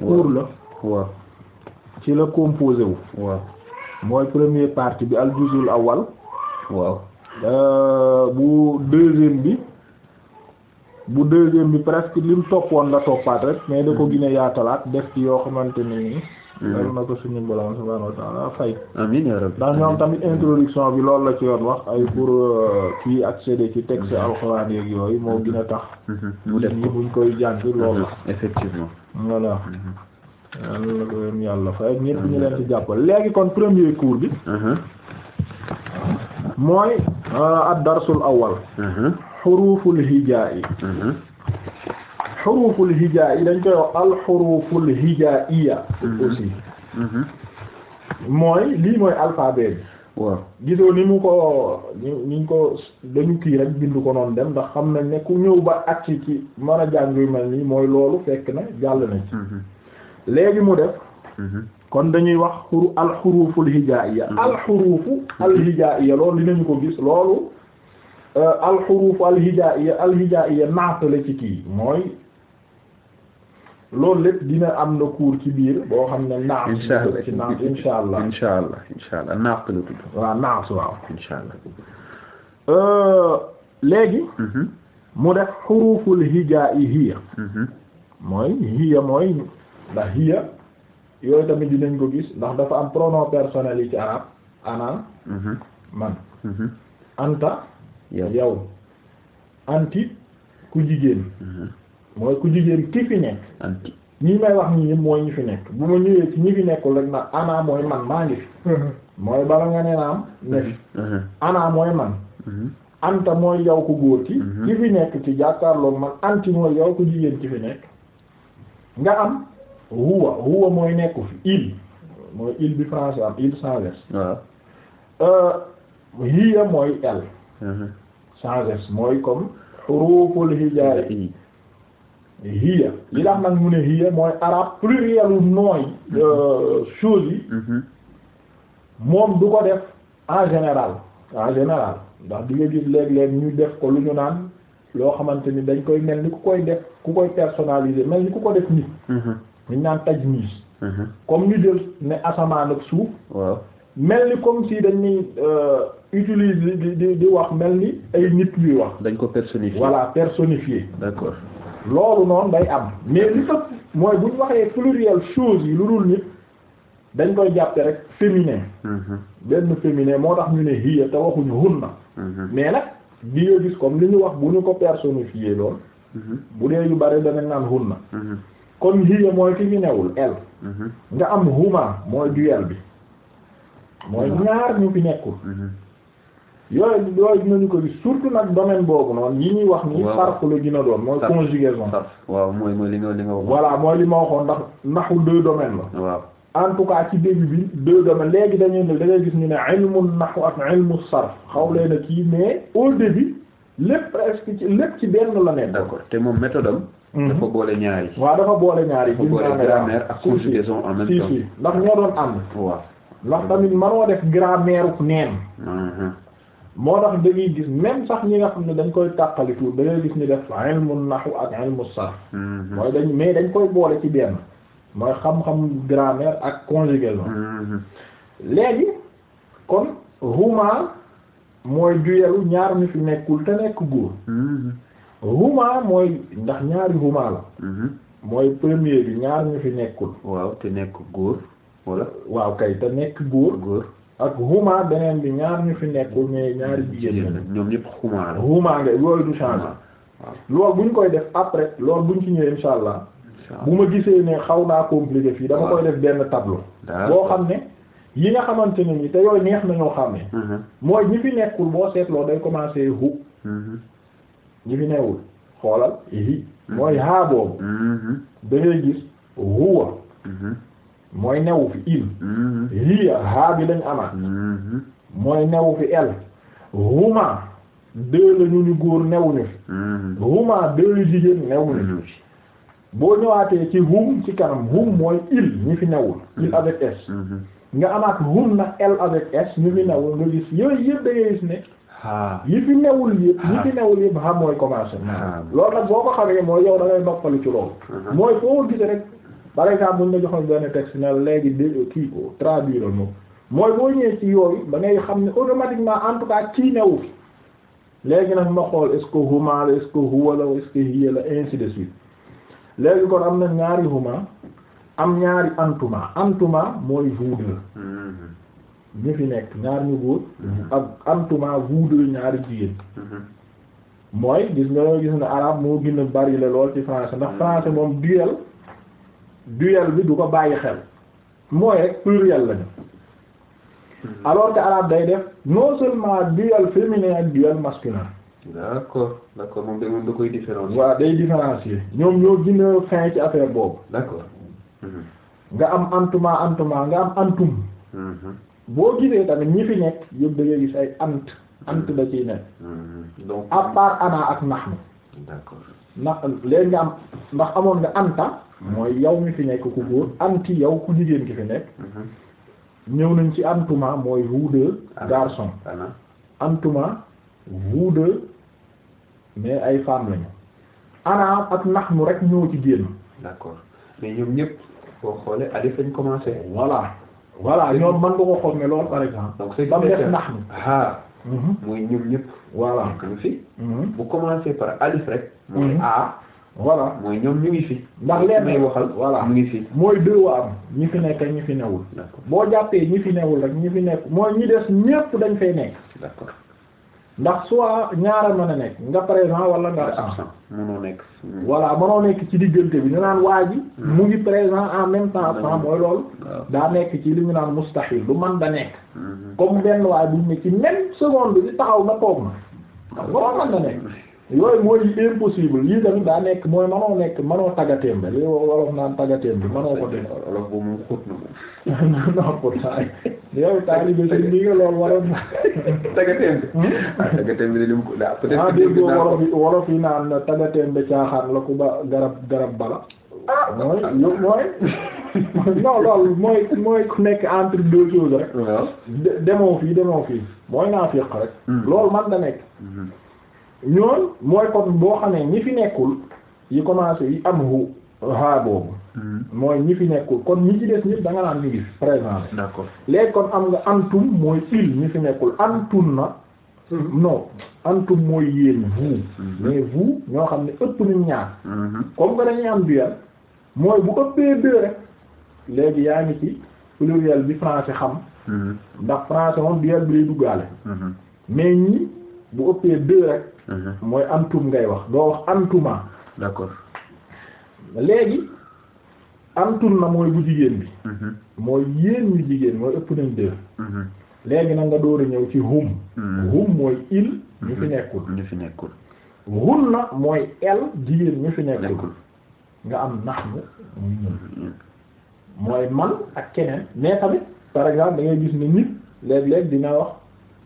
cours la. waaw ci la composé wu. waaw mooy première partie bi al juzul awal. waaw. Euh, bu deuxième bi. bu deuxième bi presque lim toppoon la toppaat rek mais da ko mm-hmm. gine yaatalaat def ci yoo xamante ni dal mm-hmm. na ko suñu borom subhaanahu wa ta'ala fay ndax ñoom tamit introduction bi loolu la ci yoon wax ay pour euh, kii accéder ci texte mm-hmm. alxuraan yeeg yooyu moo gën a tax mu def ñi buñ koy jàng loolu la effectivement voilà yàlla ñu leen ci jàppal léegi kon premier cours bi mooy euh, ad-darsul awwal xuruful hijaa'i mm-hmm. xuruful hijaa'i dañ koy wax al xuruful hijaa'iya mm-hmm. Mm-hmm. mooy lii mooy alphabet bi waaw gisoo ni mu ko ni ñu ko dañu kii rek bind ko noonu dem ndax xam nañ ne ku ñëw ba ak ci ci mën a jàng yu mel nii mooy loolu fekk na jàll na ci léegi mu def kon dañuy wax xuru alxuruuful hijaiya alxuruufu loolu dinañu ko gis loolu Euh, alxuruuf alhijaiya alhijaiya naata la ci kii mooy loolu lépp dina am na cours ci biir boo xam ne naat ci naat insha allah insha allah insha allah naat la tudd waaw naat waaw insha allah euh, léegi mhm. mu def xuruuful hijaa'i hiya mhm. mooy hiya mooy ndax hiya yooyu tamit dinañ ko gis ndax dafa am pronom personnel yi ci arab ana mhm. man anta yow anti ku jigéen mhm. mooy ku jigéen ki nekk anti ñi may wax ñi mooy ñi fi nekk bu ma ñëwee ci ñi fi nekkul rek nag ana mooy man maa ngi mhm. mooy bala nga ne naam ne fi mhm. ana mooy man anta mooy yow ku góor ki ki fi nekk ci jàkkaarloog man anti mooy yow ku jigéen ci nekk nga am huwa huwa mooy nekku il mooy il bi français am il sans verse euh, hiya mooy el sans s mooy comme huruful hijaay yi hiya li tax nag mu ne hiya mooy arabe pluriel u nooy euh, chose mhm. moom du ko def en général en général ndax di ga gi léeg-léeg ñu def ko lu naan loo xamante ni dañ koy mel ni ku koy def ku koy personnaliser mel ni ku ko def nit mhm. ñu naan tajmiis mhm. comme ñu jël ne asamaan ak suuf mel ni comme si dañ ni euh, utilise di di di wax mel ni ay nit yuy wax. dañ ko personnifier voilà personnifier. d'accord loolu noonu day am mais li fa mooy bu ñu waxee pluriel chose yi lu dul nit dañ koy jàppe rek féminin. Mhm. benn féminin moo tax ñu ne hiya te waxuñu hunna. Mhm. mais nag di nga gis comme li ñu wax bu ñu ko personnifier lool. Mhm. bu dee yu bari dana naan hunna. kon hiya mooy ki ñu newul nga am huma mooy duel bi. mooy ñaar ñu fi nekkul. yooyu yooyu dinañu ko gis surtout nag domaine boobu noonu yi ñuy wax nii sarf la gën a doon mooy conjugaison sarf waaw mooy mooy li nga li wax voilà mooy li ma waxoon ndax naxu deux domaines la waaw en tout ci début bi deux domaines léegi dañuy ne da gis ñu ne ilmu naxu ak ilmu sarf xaw lee na kii mais au début lépp presque ci lépp ci benn la nekk d'accord te moom méthode am dafa boole ñaar waa dafa boole ñaari yi dafa boole grammaire ak conjugaison en même temps si si ndax ñoo doon ànd waaw ndax tamit manoo def grammaire moo tax da ngay gis même sax ñi nga xam ne dañ koy tàqali tuur da ngay gis ñu def ilmu nahw ak ilmu sarf mm-hmm. mooy dañ mais dañ koy boole ci benn mooy xam-xam grammaire ak conjugaison mm-hmm. léegi kon huma mooy juyeelu ñaar ñu fi nekkul te nekk góor mm-hmm. huma mooy ndax ñaari huma la mooy premier bi ñaar ñu fi nekkul waaw te nekk góor wala waaw kay te nekk góor góor ak huma beneen bi ñaar ñu fi nekkul mais ñaari jigéen la ñoom ñëpp huma la huma nga loolu du changer loolu bu ñu koy def après lool bu ñu ci ñëwee insha allah bu ma gisee ne xaw naa compliqué fii dama koy def benn tableau boo xam ne yi nga xamante ne ni te yooyu neex nañoo xam ne mooy ñi fi nekkul boo seetloo day commencer hu ñi fi newul xoolal hi mooy haa boobu gis huwa mooy newu fi il hiya haa bi lañ amaat mooy newu fi el huma deux ñu ñu góor newuñu fi huma deux yu jigéen newuñu fi boo ñëwaatee ci hum ci kanam hum mooy il ñi fi newul il avec s nga amaat hum na el avec s ñu fi newul nga gis yooyu yëpp da ngay gis ne ah yi fi newul yëpp yi fi newul yëpp ah mooy commencé. loolu nag boo ko xamee mooy yow ngay noppalu ci loolu. foo gisee rek par exemple buñ la joxoon benn texte ne léegi kii ko traduire la moom mooy boo ñëwee ci yooyu da ngay xam ne automatiquement en tout cas kii newu fi léegi nag ma xool est-ce que huma la est-ce que la est de suite léegi kon am na ñaari huma am ñaari antuma antuma mooy vous mm-hmm. ñu fi nekk ñaar ñu góor mm-hmm. ak antuma vous ñaari jigéen mm-hmm. mooy gis nga loo gis ne arabe moo gin a bari la lool ci français ndax français moom duel duel bi du ko bàyyi xel mooy rek pluriel lañu alors que arabe day def non seulement duel féminin ak duel masculin. d'accord moom da moom da koy différencier. waa day différencier ñoom ñoo gën a fin ci affaire boobu. d'accord. nga am antuma antuma nga am antum. Mhm. boo gisee tamit ñi fi nekk yëpp da ngay gis ay ant ant da nekk. Mhm. Mhm. donc ana ak nahnu. d'accord. ndax léegi nga am ndax amoon nga anta mm-hmm. mooy yow mi fi nekk ku góor anti yow ku jigéen ki fi nekk mm-hmm. ñëw nañ ci antuma mooy vous deux ah, garçons antuma vous deux mais ay femmes lañu ana ak mu rek ñoo ci génn d'accord mais ñoom ñëpp boo xoolee alif lañ commencé voilà voilà ñoom man nga ko xool ne loolu par exemple ba mu def nahnu ah. Mm-hmm. mooy ñun ñëpp. voilà mm-hmm. ñu fi. Mm-hmm. bu commencé par alif rek. mooy A. voilà mooy ñoom ñu ngi fi. ndax leen may waxal voilà ñu ngi fi. mooy deux waa am ñi fi nekk ñu fi newul. boo jàppee ñu fi newul rek ñi fi nekk mooy ñu des ñëpp dañ fay nekk. d'accord. ndax soit ñaara mën a nekk nga présent wala nga absent mënoo nekk voilà mënoo nekk ci diggante bi ñu naan waa ji hmm. mu ngi présent en même temps hmm. absent mooy loolu daa nekk ci li ñu naan mustahil lu man da nekk hmm. comme benn waay buñ ne ci même seconde bi taxaw na toog na ah, loolu man da nekk yooyu mooy impossible lii tamit daa nekk mooy manoo nekk manoo taggateem ba li wolof naan taggateem bi manoo ko def wolof bu mu xut na non pourtant yow taalibe si bi hmm? ah, taggateem ko daa peut-être ah, déggoo wolof yi naan taggateem bi caaxaan la ku ba garab garab bala ah, mooy mooy non loolu mooy mooy ku nekk entre deux choses rek demoo fii demoo mooy naa féq rek hmm. loolu man da ñoon mooy kon boo xamee ñi fi nekkul yi commencé yi am hu haa boobu hmm. mooy ñi fi nekkul kon ñi ci des ñëpp da nga naan ñu gis présent d'accord léegi kon am nga antum mooy il ñi fi nekkul antun na hmm. non antum mooy yéen vous hmm. mais vous ñoo xam ne ëpp nañ ñaar comme que dañuy am duel mooy bu ëppee deux rek léegi yaa ngi ci pluriel bi français xam ndax français moom duel bi lay duggaale mais ñi bu ëppee deux rek Mhm. mooy antum ngay wax doo wax antuma d'accord léegi antun na mooy bu jigéen bi mhm. mooy yéen ñu jigéen mooy ëpp nañ deux mhm. léegi nag nga door a ñëw ci hum hum mooy il ñu fi nekkul ñu na mooy el jigéen ñu fi nekkul nga am nax ñun mm. mooy man ak keneen mais tamit par exemple da ngay gis ni nit léeg-léeg dina wax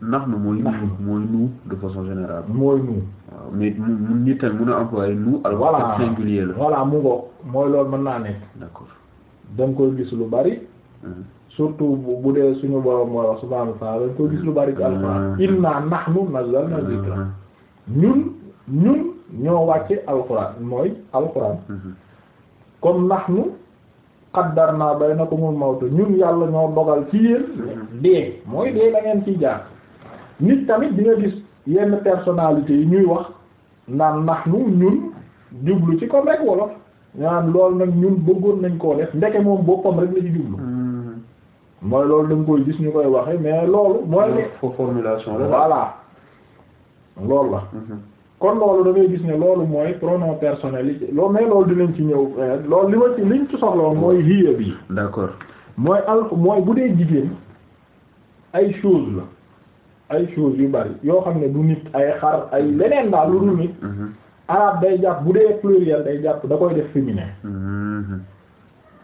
nahnu mooy. nahnu mooy nous de façon mooy nous. waaw mais mu nit tamit mun a employer nous. voilà singulier mu ngo mooy loolu mën naa nekk. d'accord koy gis lu bari. surtout bu dee suñu borom mooy wax subhaanahu koy gis lu bari ci alxuraan. inna nahnu nazzalna dhikra ñun ñun ñoo wàcce alxuraan mooy alxuraan. kon nahnu qaddarna baynakumul mawt ñun yàlla ñoo dogal ci yéen. dee mooy dee da ngeen jaar. nit tamit di nga gis yenn personnalité yi ñuy wax naan nax nu ñun jublu ci comme rek wolof ñaan loolu nag ñun bëggoon nañ koo def ndeke moom boppam rek la jublu hmm. mooy loolu da nga koy gis ñu koy waxe mais loolu mooy ne formulation la voilà loolu la hmm. kon loolu da ngay gis ne loolu mooy pronom personnel yi loolu mais loolu dinañ ci ñëw eh, lool li ma ci liñ ci soxla mooy hiya bi d'accord mooy al mooy bu dee jigéen ay chose la ay choses yu bari yoo xam ne du nit ay xar ay leneen daal lu dul nit mm-hmm. arabe day jàpp bu dee pluriel day jàpp da koy def féminin mm-hmm.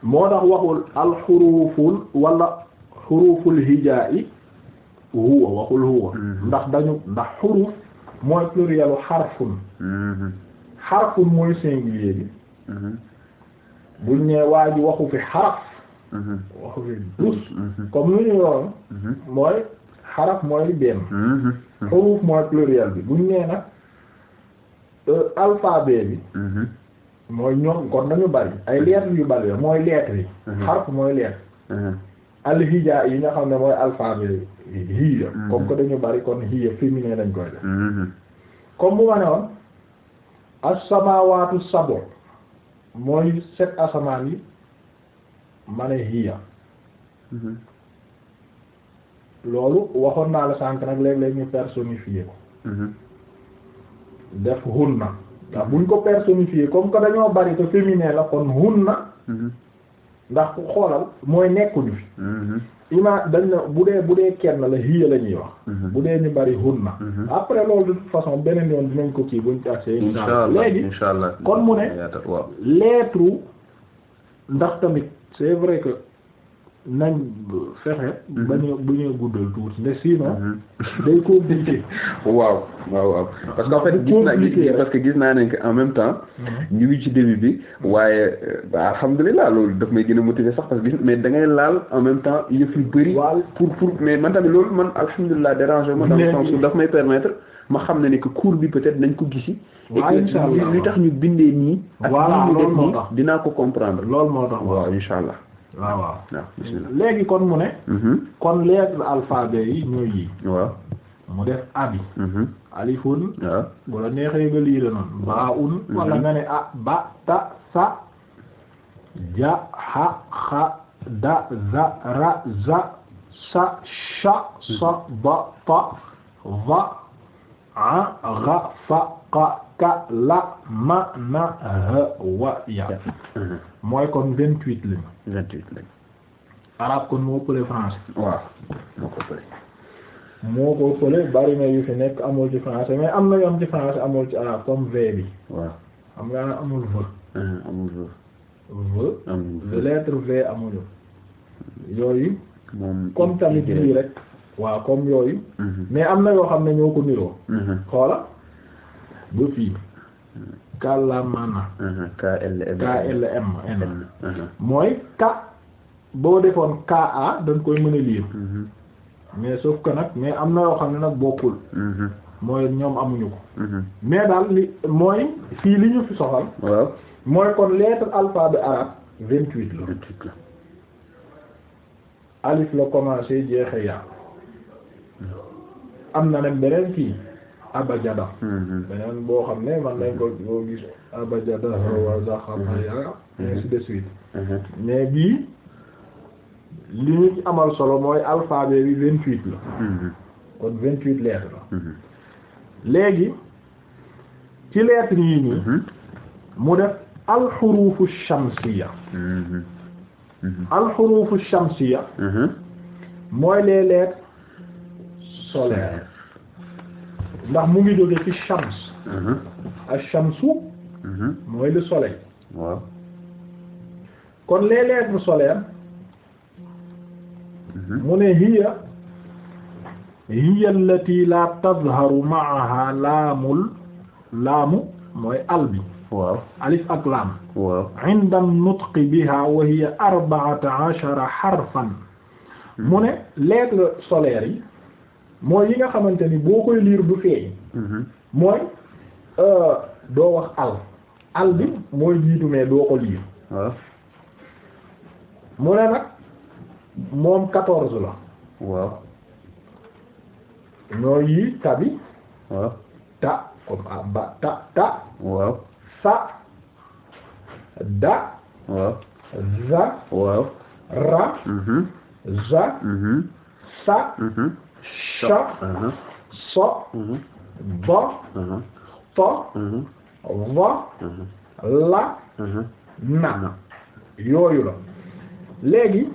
moo tax waxul alxuruful wala xuruful hijaa'i huwa waxul huwa mm-hmm. ndax dañu ndax xuruf mooy plurielu xarfun xarfun mooy singulier bi buñ ne waa waxu fi xaraf waxu fi dus comme lu ñu yoroon mooy xaraf mooy li benn xuruf mm-hmm. mooy pluriel bi buñ nee nag euh, alphabet bi mm-hmm. mooy ñoom kon dañu ay mm-hmm. lettres yu bari mooy lettres yi xaraf mooy lettre alhija yi nga xam ne mooy alphabet yi hiya comme que dañu bari kon hiya féminin dañ koy ma ne woon as-samawatu sab'u mooy set asamaan yi ma ne hiya loolu waxoon naa la sànq nag léeg-léeg ñu personnifier ko mhm. def hunna ndax buñ ko personnifier comme que dañoo bari te féminin la kon na mhm. ndax ku xoolal mooy nekkuñu fi mhm. ima dañ na bu dee bu dee kenn la hiya la ñuy wax bu dee ñu bari hunna après loolu de toute façon beneen yoon dinañ ko kii buñ ci accès léegi inshallah kon mu ne lettre ndax tamit c'est vrai que nañ fexe. bañ a bañ a guddal tuuti mais sinon. Mhm. day compliqué. waaw waaw waaw parce que en fait gis naa gis parce que gis naa ne que en même temps. Mhm. ñu ngi ci début bi. waaye euh, alhamdulilah loolu daf may gën a motiver sax parce que mais da ngay laal en même temps yëf yu bëri. pour pour mais man tamit loolu man alhamdulilah déranger ma. mais dans le sens daf may permettre. ma xam ne ne que cours bi peut-être nañ ko gisi et que li tax ñu bindee nii. ak li ñu def nii dinaa ko comprendre. loolu moo tax waaw incha allah. waaw waaw léegi kon mu ne mm-hmm. kon lettre alphabet yi ñooy yi mu def abi mm-hmm. alifun bu neexee nga lii la noonu baa un mm-hmm. wala nga ne a ba ta sa ja ha xa da za ra za sa sha ba pa va a ra fa qa ka la ma na wa ya mooy kon vingt huit lañu vingt huit lañu arab kon moo pële français waaw moo ko pële moo ko pële bari yu fi nekk amul ci français mais am na yu am ci français amul ci arab comme v bi waaw xam nga amul v ah, amul v v amul v amul yooyu comme tamit lii rek waaw comme yooyu mhm. mais am na yoo xam ne ñoo ko niroo mhm. xoola ba fii kalamana uh-huh. klm n uh-huh. mooy ka boo defoon ka dañ koy mën a uh-huh. mais sauf ko nag mais am na yoo xam ne nag bokkul mooy ñoom amuñu ko mais daal li mooy fii li ñu fi soxal mooy kon lettre alphabet arabe vingt la vingt-huit la alif la commencé jeexe yaa am na nag beneen fii abajada mm-hmm. beneen boo xam ne man nañ ko boo gis abajada mm-hmm. wa zaxaraya mm-hmm. ainsi de suite mais bii li ñu ci amal solo mooy alphabet bi vingt huit la kon vingt huit lettres la léegi ci lettres yi nii mu def alxurufu shamsiya alxurufu shamsiya mooy les lettres solaires ndax mu ngi jóge ci shams mhm. ash-shamsu mhm. mooy le soleil waaw kon les lettres solaires mu ne hiya hiya allati la tadharu ma'aha laamul laamu mooy al bi waaw alif ak laam waaw inda nutqi biha wa hiya arba'ata ashara harfan mhm. mu mooy yi nga xamante ni boo koy liir du feeñ mhm. mooy euh, doo wax al al bi mooy jiitu mais doo ko liir mu ne nag moom quatorze la waaw ñooy yi tabi ta ta ta waaw sa da waaw ra mhm. za mhm. sa cha so uh-huh. mm-hmm. ba uh-huh. to mm-hmm. va mm-hmm. la na yooyu la léegi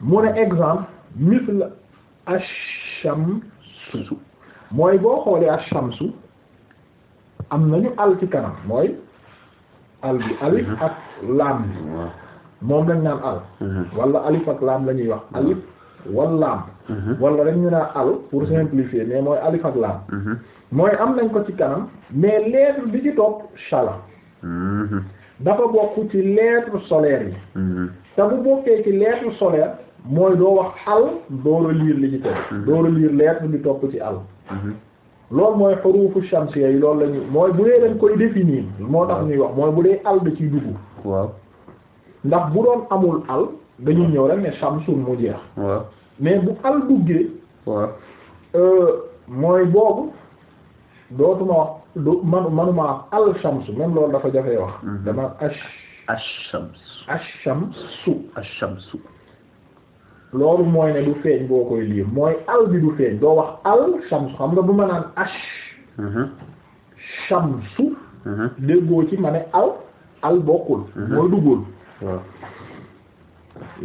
mu ne exemple misl ash-shamsu mooy boo xoolee ash-shamsu am nañu al ci kanam mooy al bi alif ak laam bi moom lañ naan al wala alif ak laam la ñuy wax alif wal laam mhm. wala rek ñu naa al pour mhm. simplifier mais mooy alif ak laam mhm. mooy am nañ ko ci kanam mais lettre bi ci topp chala dafa bokk ci lettre solaire yi te bu bokkee ci lettre solaire mooy doo wax al doo liir li ci topp doo reliir lettre bi topp ci al loolu mooy xurufu shamsiya yi loolu la ñu mooy bu dee dañ koy définir moo tax ñuy wax mooy bu dee al da ciy dugg waaw ndax bu doon amul al dañuy ñëw rek ne Shamsun mu jeex. mais bu al duggee. waaw euh, mooy boobu dootuma wax du manu manuma al Shams même loolu dafa jafee wax. Mhm. dama ash. ash Shams. ash Shamsu. loolu mooy ne du feeñ boo koy lii mooy al bi du feeñ doo wax al Shams xam nga bu ma naan ash. Mhm. Shamsu. Mhm. déggoo ci ma ne al al bokkul. mooy duggul. waaw.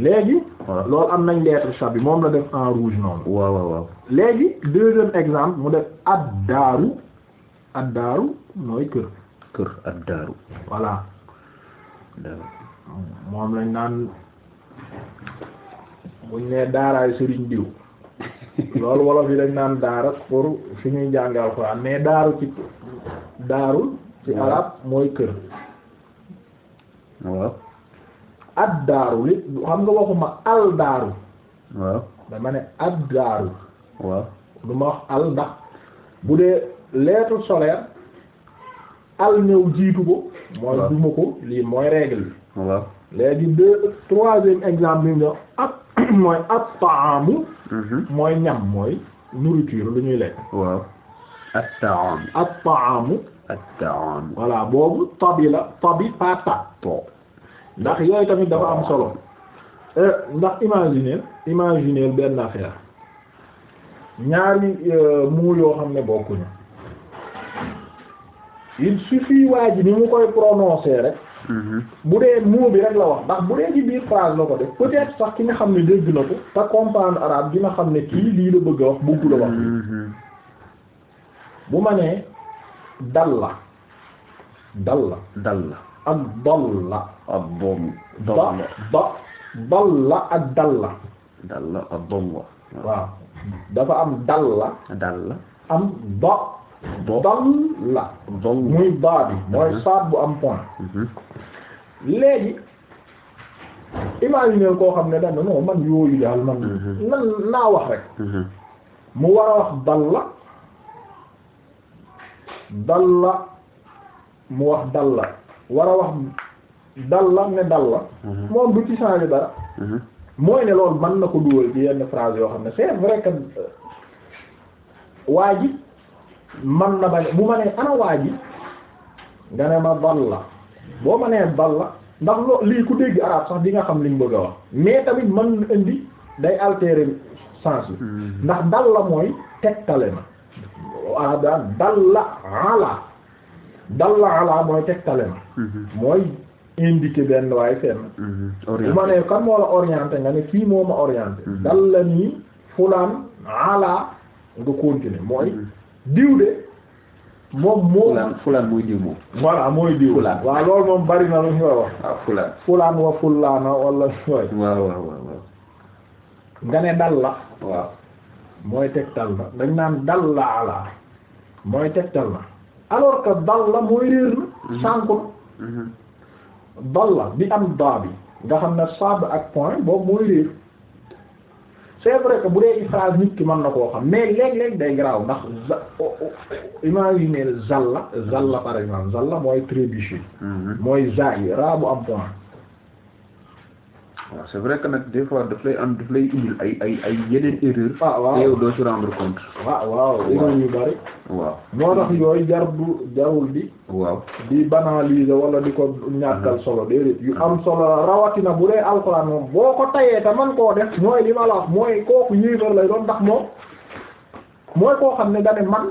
léegi loolu am nañ lettre chat bi moom la def en rouge noonu waaw waaw waaw léegi deuxième exemple mu def addaaru daaru mooy kër kër addaaru voilà moom lañ naan buñ ne daaraayu sëriñ diw loolu wolof yi dañ naan daara pour fi ñuy jàngal ko am mais daaru ci daaru ci arab mooy kër ad daaru li xam nga waxuma al daaru waaw dama ne ad daaru waaw ma wax al bu dee lettre solaire al ñëw jiitu ko mooy duma lii mooy règle bi waaw léegi deux troisième exemple bi nga ab mooy at-ta'amu mhm. mooy ñam mooy nourriture lu ñuy lekk at-ta'am at-ta'amu at boobu tabi la tabi pata to ndax yooyu tamit dafa am solo eh, ndax imaginer imaginer benn affaire ñaari euh, mots yoo xam ne bokkuñu il suffit waa ji ni mu koy prononcer rek. Mm-hmm. bu dee mot bi rek la wax ndax bu dee ci biir phrase la ko def peut-être sax ki nga xam ne dégg na ko te comprendre arabe dina xam ne kii lii la bëgg a wax bëggu la wax. Mm-hmm. bu ma nee dal la dal la dal la. ak dalla ak boom ba ba dalla ak dalla dalla ak am dalla dalla am ba dalla muy baa bi mooy saat bu am point mhm. léegi imaginer koo xam ne dana non man yooyu daal man mhm. naa wax rek mhm. mu war a wax dalla dalla mu wax dalla war a wax dal la ne dal la mhm. moom bu ci changer dara mhm. mooy ne loolu mën na ko dugal ci yenn phrase yoo xam ne c'est vrai que euh, waa ji man na bañ bu ma nee ana waa ji nga ne ma dal la boo ma nee dal la ndax loo lii ku dégg arab sax di nga xam liñ bëgg a wax mais tamit mën na indi day altérer sens bi mhm. ndax dal la mooy tegtale na arab daan dal la ala dalla ala mooy tegtale na mhm. mooy indiqué benn waaye fenn mhm. bu ne kan moo la orienté nga ne fii moo ma orienté mhm. dalla nii fulaan ala nga continuer mooy diw de moom moo fulaan mooy diw moom voilà mooy diw fulaan waaw loolu moom bari na lu ñu koy wax ah, fulaan fulaan wa fulaana wala nga ne dal la waaw mooy tegtal na dañ naan dal la ala mooy tegtal na alors que dalla mooy réer na mhm. sànku na mhm. dalla bi am daa bi nga xam ne saab ak point boobu mooy réer c'est vrai que bu dee phrase nit ki mën na koo xam mais léeg-léeg day garaaw ndax za imagine zalla zalla par exemple zalla mooy trébucher mhm. mooy zaay raa bu am point waaw c'est vrai que nag des fois daf lay am daf lay indil ay ay ay yeneen erreur ah waaw yow doo ci rendre compte. Ah, waaw yu bari. waaw moo tax yooyu jar bu jarul di. waaw di banaliser wala di ko ñàkkal solo déedéet. yu am solo la rawatina bu dee alxuraan moom boo ko tayee te man koo def. mooy li ma la wax mooy kooku yéefar lay doon ndax moom mooy koo xam ne da ne man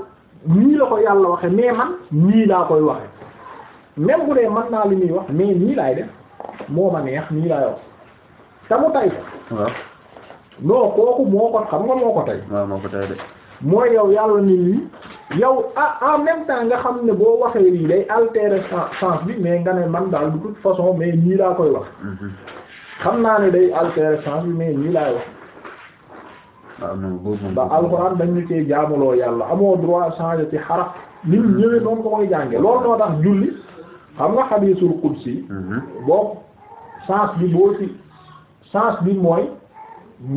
nii la ko yàlla waxe mais man nii laa koy waxe même bu dee man naa li muy wax mais nii laay def moo ma neex nii laay wax. te mu tay waaw kooku moo ko xam nga moo ko tay waaw moo mooy yow yàlla ni lii yow en même temps nga xam ne boo waxee lii day san sens bi mais nga ne man daal de toute façon mais nii laa koy wax mhm. xam naa ne day altérer sens bi mais nii laay wax waaw ah, non boobu ndax alxuraan dañu cee jaamuloo yàlla amoo droit changer ci xaraf nit ñëwee noonu ko koy jànge loolu noo tax julli xam nga xadiisul qudsi mhm. boo sens bi boo ci sens bi mooy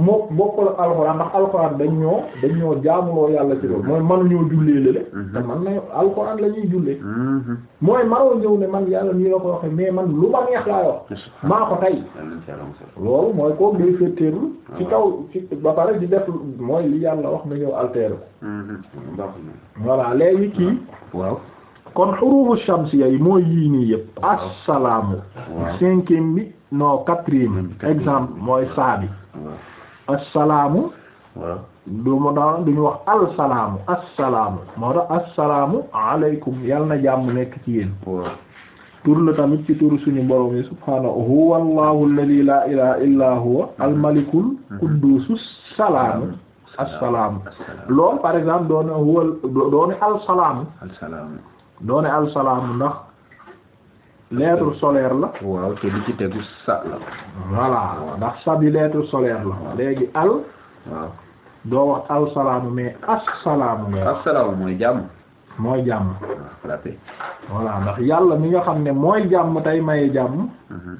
mo bokkul ak alxuraan ndax alxuraan dañ ñoo dañ ñoo jaamuloo yàlla ci loolu mooy mënuñoo jullee lële mhm. te man na alxuraan la ñuy jullee mhm. mooy maroo ñëw ne man yàlla nii la ko waxee mais man lu ma neex laa wax maa ko tey loolu mooy koo day féetéerlu ah. ci kaw ci ba pare di def mooy li yàlla wax na ñëw altéere ko la mhm. léegi kii waaw kon xurufu shamsiya yi mooy yii nii yëpp assalaamu cinquième bi non quatrième exemple mooy saabi assalaamu du mu daan duñu wax alsalaamu salaamu moo tax assalaamu aleykum yal na jàmm nekk ci yéen tur la tamit ci tur suñu borom yi subhaanahu huwa allahu alladhi la ilaha illa huwa almalikul mm-hmm. quddusus salaamu mm-hmm. assalaamu loolu par exemple doone huwa doone alsalaamu doone ndax lettre solaire la. waaw te li ci tegu sa la. voilà ndax sa bi lettre la. léegi al. waaw doo wax al salaamu mais assalaamu. mais assalaamu mooy jàmm. mooy jàmm. Ah, voilà ndax yàlla mi nga xam ne mooy jàmm tey maye jàmm. Mhm.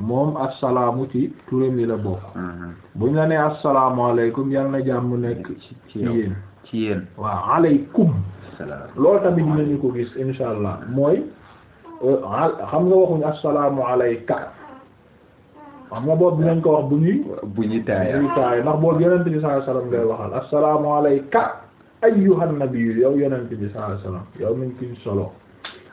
moom salaamu ci turam yi la bokk. Mhm. buñ la nee asalaamaaleykum yal na jàmm nekk. ci yéen ci yéen. waaw aleykum. loolu tamit dinañu ko gis insha allah mooy. xam nga waxuñu assalaamu alayka xam nga boobu dinañ ko wax bu ñuy bu ñuy taaya bu ñuy taaya ndax boobu yonent bi sallallahu alayhi wasallam ngay waxal assalaamu alayka ayyuhan nabiyyu yow yonent bi sallallahu alayhi wasallam yow nañ kiñ solo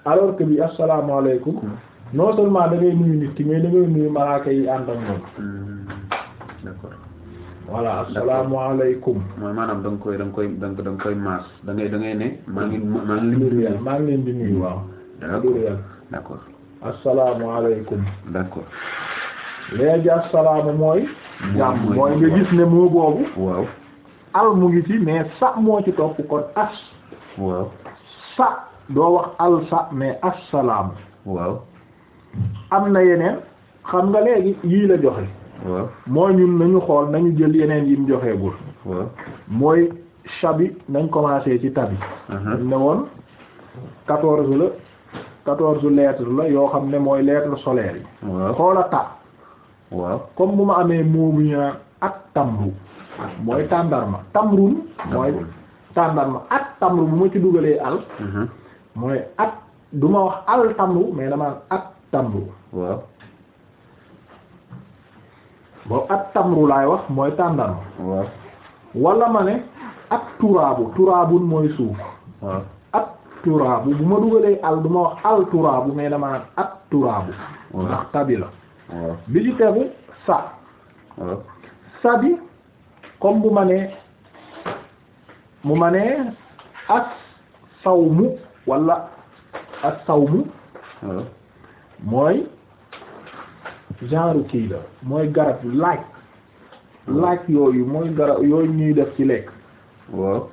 alors que bi assalaamu alaykum hmm. non seulement da ngay nuyu nit ki mais da ngay nuyu malaaka yi ànd ak moom hmm. d'accord voilà asalaamaaleykum. mooy maanaam da nga koy da nga koy da nga koy maas da ngay ne. maa ngi maa ngi leen di nuyu. maa ngi leen di nuyu d'accord asalaamualeykum d'accord léegi asalaama mooy jàmm mooy nga gis ne moo boobu waaw al mu ngi ci mais sa moo ci topp kon as waaw sa doo wax al mais asalaam waaw am na yeneen xam nga léegi yii la joxe waaw mooy ñun nañu xool nañu jël yeneen yim joxeegul waaw mooy chabi nañ commencé ci tabi uh-huh. ne woon quatorze la quatorze lettres la yoo xam ne mooy lettres solaires yi. waaw xoola ta. waaw comme bu ma amee moomu ak tamru. mooy tàndarma tamrun. mooy tàndarma ak tamru bu ma ci dugalee al. Mhm. at du ma wax al mais dama at tamru. waaw boobu laay wax mooy tàndarma. waaw wala ma ne at turaabu turaabun mooy suuf. waaw. turaabu bu ma dugalee al du al turaabu mais dama naan at turaabu ndax tabi la bi ci tegu sa sa bi comme bu ma nee bu ma nee as sawmu wala as sawmu mooy genre kii la mooy garab laaj laaj yooyu mooy garab yooyu ñuy def ci lekk waaw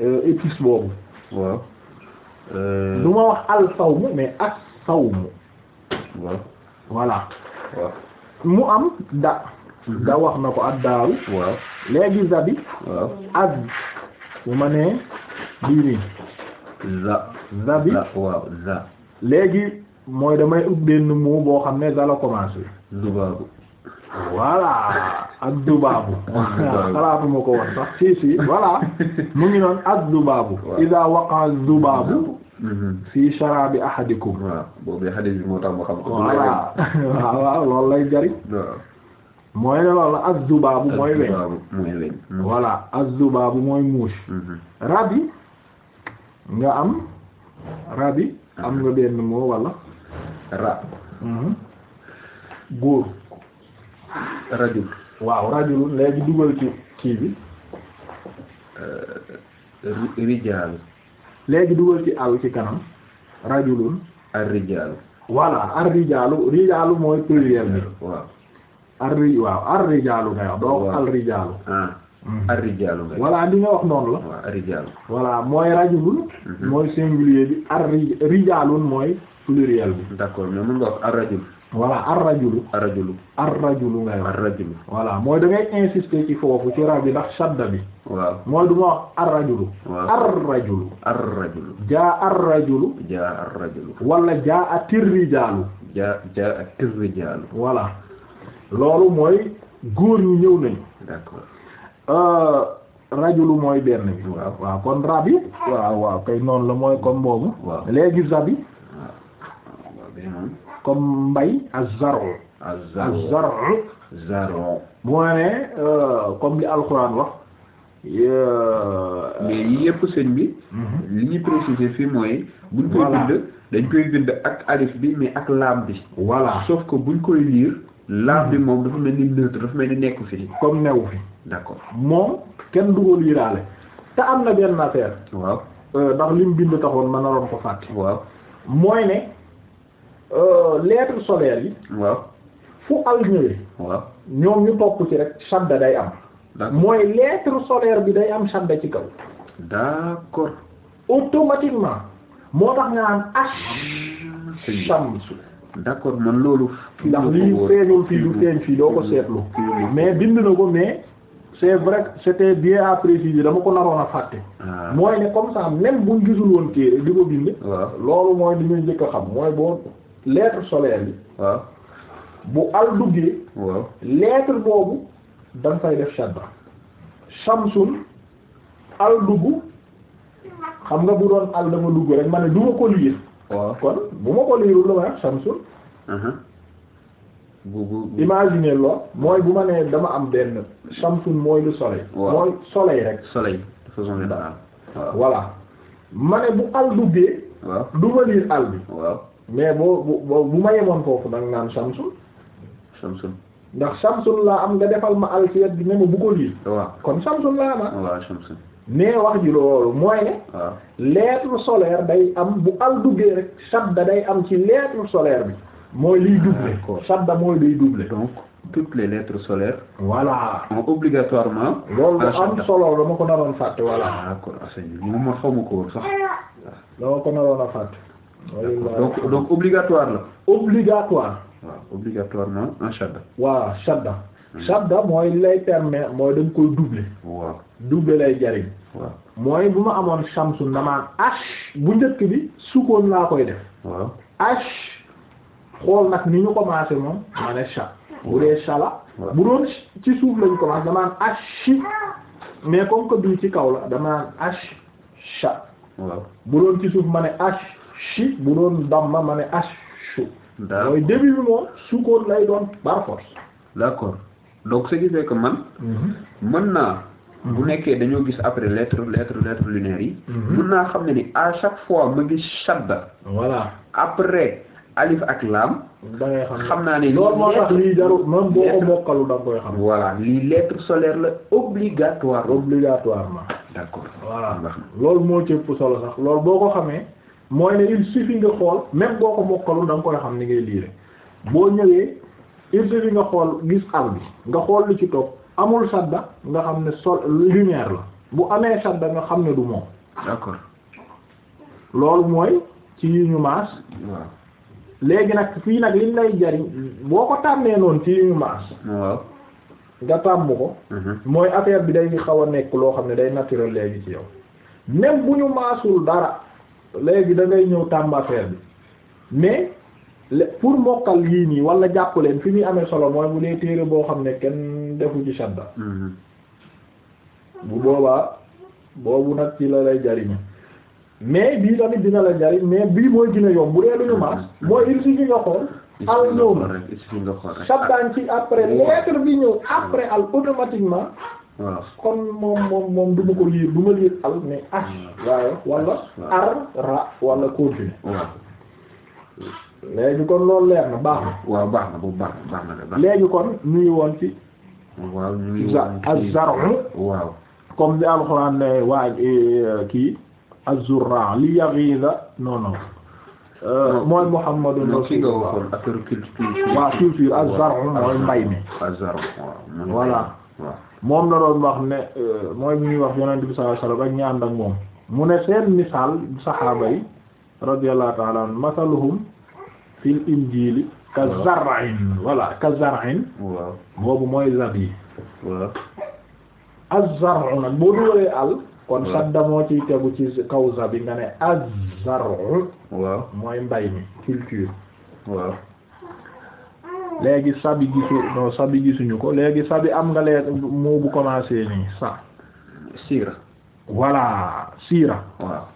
euh, épice boobu waaw. Euh, du ma wax al sawmu mais ak sawmu. waaw voilà. waaw mu am da. da wax na ko ak daaru. waaw léegi zabi. waaw az. bu ma za. zabi waaw za. léegi mooy damay ut benn mot boo xam ne za la commencé. zubaabu. voilà. ak dubaabu xalaatuma ko woon sax si si voilà mu ngi noon ak dubaabu ida waqa mm-hmm. fii sharabi ahadikum waaw boobu lay jariñ mooy ne loolu ak dubaabu mooy weñ mooy weñ mm-hmm. voilà mooy mouche mm-hmm. rab nga am rab yi ah. am nga benn moo wala rab góor rajul waaw rajulun léegi dugal ci kii bi euh, rijal léegi ci aw ci kanam rajulun ar rijal voilà ar rijalu rijalu mooy pluriel bi euh, waaw ar ri waaw ar rijalu nga ah, hmm. ar rijalu nga voilà li nga wax noonu la waaw ar rijalu voilà mooy rajulun moy mhm. singulier bi ar rijalun mooy pluriel bi d'accord mais mën ar rajul voilà ar-rajulu ar-rajulu ar mooy da ngay insister ci foofu ci rab bi ndax shadda bi waaw mooy du ma wax ar-rajulu ar-rajulu ar-rajulu jaa ar-rajulu jaa jaa atir-rijalu jaa jaa loolu mooy góor ñu ñëw euh, rajulu mooy benn waaw kon rab waaw waaw kay noonu la mooy comme boobu léegi comme mbay az-zar'u az-zar'u zar'u ne euh, comme li alxuraan wax euh, mais yi yëpp sëñ bi mhm. li ñu préciser fii mooy buñ koy bind dañ koy bind ak alif bi mais ak laam bi voilà sauf ko buñ koy liir laam bi mhm. moom dafa mel ni neutre dafa mel ni nekku fi comme new fi d'accord moom kenn du ko liiraale te am na benn affaire waaw euh, ndax li mu bind taxoon ma naroon ko fàtte waaw mooy ne Euh, lettres solaires yi. waaw fu al ñëwee. waaw ñoom ñu topp ci rek shadda day am. mooy lettre solaire bi day am shadda ci kaw. d'accord. automatiquement. moo tax nga naan ash. shamsu. d'accord man loolu. ndax lii feeñul fii du feeñ fii doo ko seetlu. mais bind na ko mais. c'est vrai que c'était bien à bi dama ko naroon a fàtte. Ah. mooy ne comme ça même buñ gisul woon téere di ko bind. loolu mooy li ñuy njëkk a xam mooy boo lettre solaire bi waaw ah. bu al duggee waaw lettre boobu da nga fay def shadda shamsun al dugg xam nga bu doon al dama dugg rek ma ne du ko liir waaw kon bu ma ko liirul dama def shamsun uh-huh. imaginer lool mooy bu ma nee dama am benn shamsun mooy lu soleil mooy soleil rek soleil de ma ne bu al duggee waaw du liir al bi waaw mais boo boo bu ma yemoon foofu da nga naan Samsun. Samsun. ndax Samsun laa am nga defal ma al ci yet bi ne ma bu ko lii. waaw kon Samsun laa am. Ah. waaw Samsun. mais wax ji loolu mooy ne. waaw solaire day am bu al duggee rek sadda day am ci lettre solaire bi. mooy liy doublé. Ah, d'accord sadda mooy day doublé. donc toutes les lettres solaires. voilà. donc obligatoirement. loolu am solo dama ko naroon fàtte voilà. Ah, d'accord assaini moom ma xamu ko woon sax. dama ko naroon a fàtte. donc donc obligatoire la. obligatoire. waaw obligatoirement en shadda. waaw shadda. shadda mooy lay permettre mooy dañ koy doubler. waaw doubler lay jariñ. mooy bu ma amoon shamsu namaan ash bu njëkk bi sukkoon laa koy def. waaw ash xool nag ni ñu commencé moom ma ne bu dee sha bu doon ci suuf lañu commencé damaa ash mais comme que bii ci kaw la damaa ash sha. bu doon ci suuf ma ne ash. chi bu doon damma ma ne achu mooy début bi moom sukkoon lay doon par force d'accord donc ce qui fait man mhm. mën naa bu mhm. nekkee dañoo gis après lettre lettre lettre yi mhm. mën naa xam ne ni à chaque fois ma gis shadda voilà après alif ak laam xam naa ne loolu moo tax lii jarul même boo ko mokkalu da koy xam voilà lii lettre solaire la obligatoire obligatoirement d'accord voilà loolu moo ci ëpp sax loolu boo ko xamee mooy ne il suffit nga xool même boo ko mokkalul da nga koy xam ni ngay liire boo ñëwee il suffit nga xool gis al bi nga xool lu ci topp amul sadda nga xam ne sol lumière la bu amee sadda nga xam ne du moom d'accord loolu mooy ci yu ñu maas léegi nag fii nag liñ lay jariñ boo ko tàmmee noonu ci yu ñu maas waaw nga tàmm ko mhm. mooy affaire bi day xaw a nekk loo xam ne day naturel léegi ci yow même bu ñu maasul dara léegi da ngay ñëw tàmm affaire bi mais pour mokkal yii nii wala jàpp leen fi muy amee solo mooy bu dee téere boo xam ne kenn defu ci shadda mm-hmm. bu boobaa boobu nag ci la lay jariñ mais bii tamit dina la jariñ mais bii mooy gën a yomb bu dee lu ñu maas mm-hmm. mooy il suffit nga xool al ñëw na ci après lettre bi ñëw après mm-hmm. al automatiquement waaw kon moom moom moom du ma ko liir du ma liir al mais ash waaye ar ra wala continue waaw kon loolu leer na baax na waaw baax bu baax na baax na kon ñu ngi woon ci waaw ñu ngi woon ci az-zar'u waaw comme bi alxuraan ne waa eh, kii az li yaghiza non non euh, mooy Muhammadun Rasulullah waaw waaw culture mooy mbay mi voilà moom la doon wax ne euh, mooy bu ñuy wax yonent bi sallallahu alayhi wasallam ak ñaan ak moom mu ne seen misaal saxaaba yi radiyallahu ta'ala anhu masaluhum fil injili ka zar'in wala ka zar'in boobu mooy zabi az-zar'u nag boo dóoree al kon sadda moo ciy tegu ci kaw zabi nga ne az-zar'u waaw mooy mbay mi culture waaw léegi sabi gisu non sabi gisuñu ko léegi sabi am nga leer moo bu commencé nii sa siira voilà siira waaw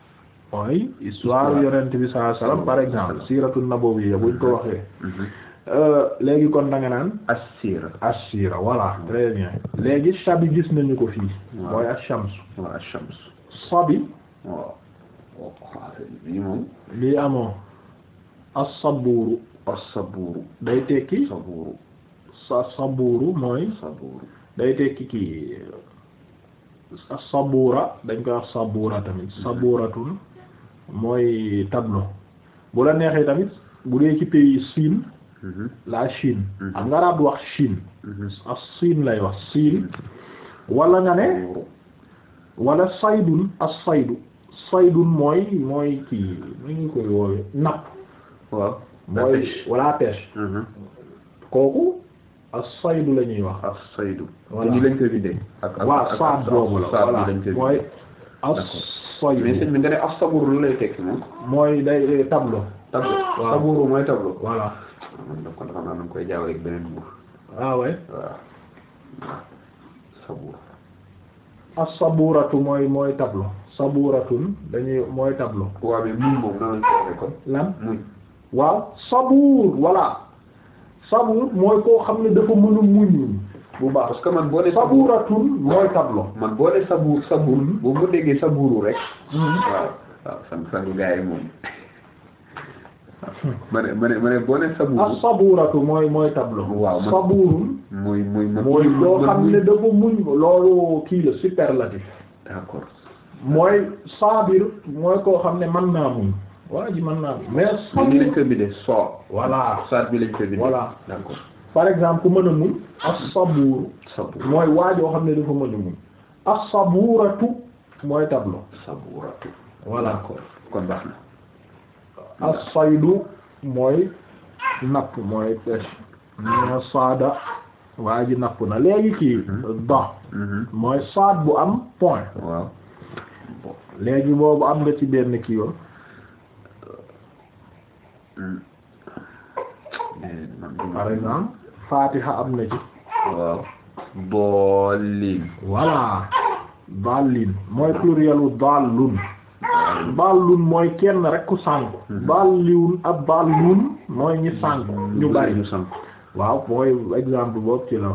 mooy histoire yonent bi sallallahu alayhi par exemple siiratu nabawiyya buñ ko waxee mhm. euh, léegi kon danga naan ak siira as-siira voilà léegi sabi gis nañu ko fii mooy ash sabi waaw amoo as-sabuuru as-sabuuru day tekki sabuuru sa sabuuru mooy sabuuru day tekki kii sa sabuura dañ koy wax sabuura tamit mm-hmm. sabuuratun mooy tableau bu la neexee tamit bu dee ci pays Siin mm-hmm. la Chine mm-hmm. am nga raab wax Chine as-Siin lay wax Siin wala nga ne wala saydun as-saydu saydun mooy kii nu ñu koy woowe napp waaw mooy wala pêche mhm. kooku as-saydu la ñuy wax as-saydu lañ koy bindee ak waa saab mooy as-saydu bi nga ne as-sabur lu lay tekki moom mooy day eh, tableau tableau mooy tableau voilà man ah, dam ko dafa koy jaaw rek beneen buur waaw ah, waaw sabur as-saburatu mooy mooy tableau saburatun dañuy mooy tableau waaw mais muñ moom nan lañ ko waxee waaw sabuur voilà sabuur mooy koo xam ne dafa mën a muñ parce que man boo nee mooy tableau man boo nee sabuur sabuur mu mm-hmm. déggee sabuuru rek mm-hmm. waaw waaw sam sangu gars boo nee sabuur ak sabuuratu mooy mooy tableau waaw sabuurun mooy mooy mooy loo xam ne dafa muñ loolu kii la superlatif d'accord mooy saabir mooy koo xam ne mën naa muñ waa ji mën naa mais xam ni lañ ko bindee soo voilà saat bi lañ ko par exemple ku mën a muñ as-sabur mooy waajoo xam ne dafa mën a muñ as-saburatu mooy tableau saburatu voilà ko kon baax na as-saydu mooy napp mooy pêche na saada waa ji napp na léegi kii da mhm. mhm. mooy saad bu am point waaw léegi boobu am nga ci benn kii yoon par exemple fatiha am na ci waaw dallin voilà dallin mooy plurielu dallun ballun mooy kenn rek ku sànku balliwun mhm. ab ballun mooy ñi sànku ñu mhm. bari ñu sànku waaw mooy exemple boobu ci la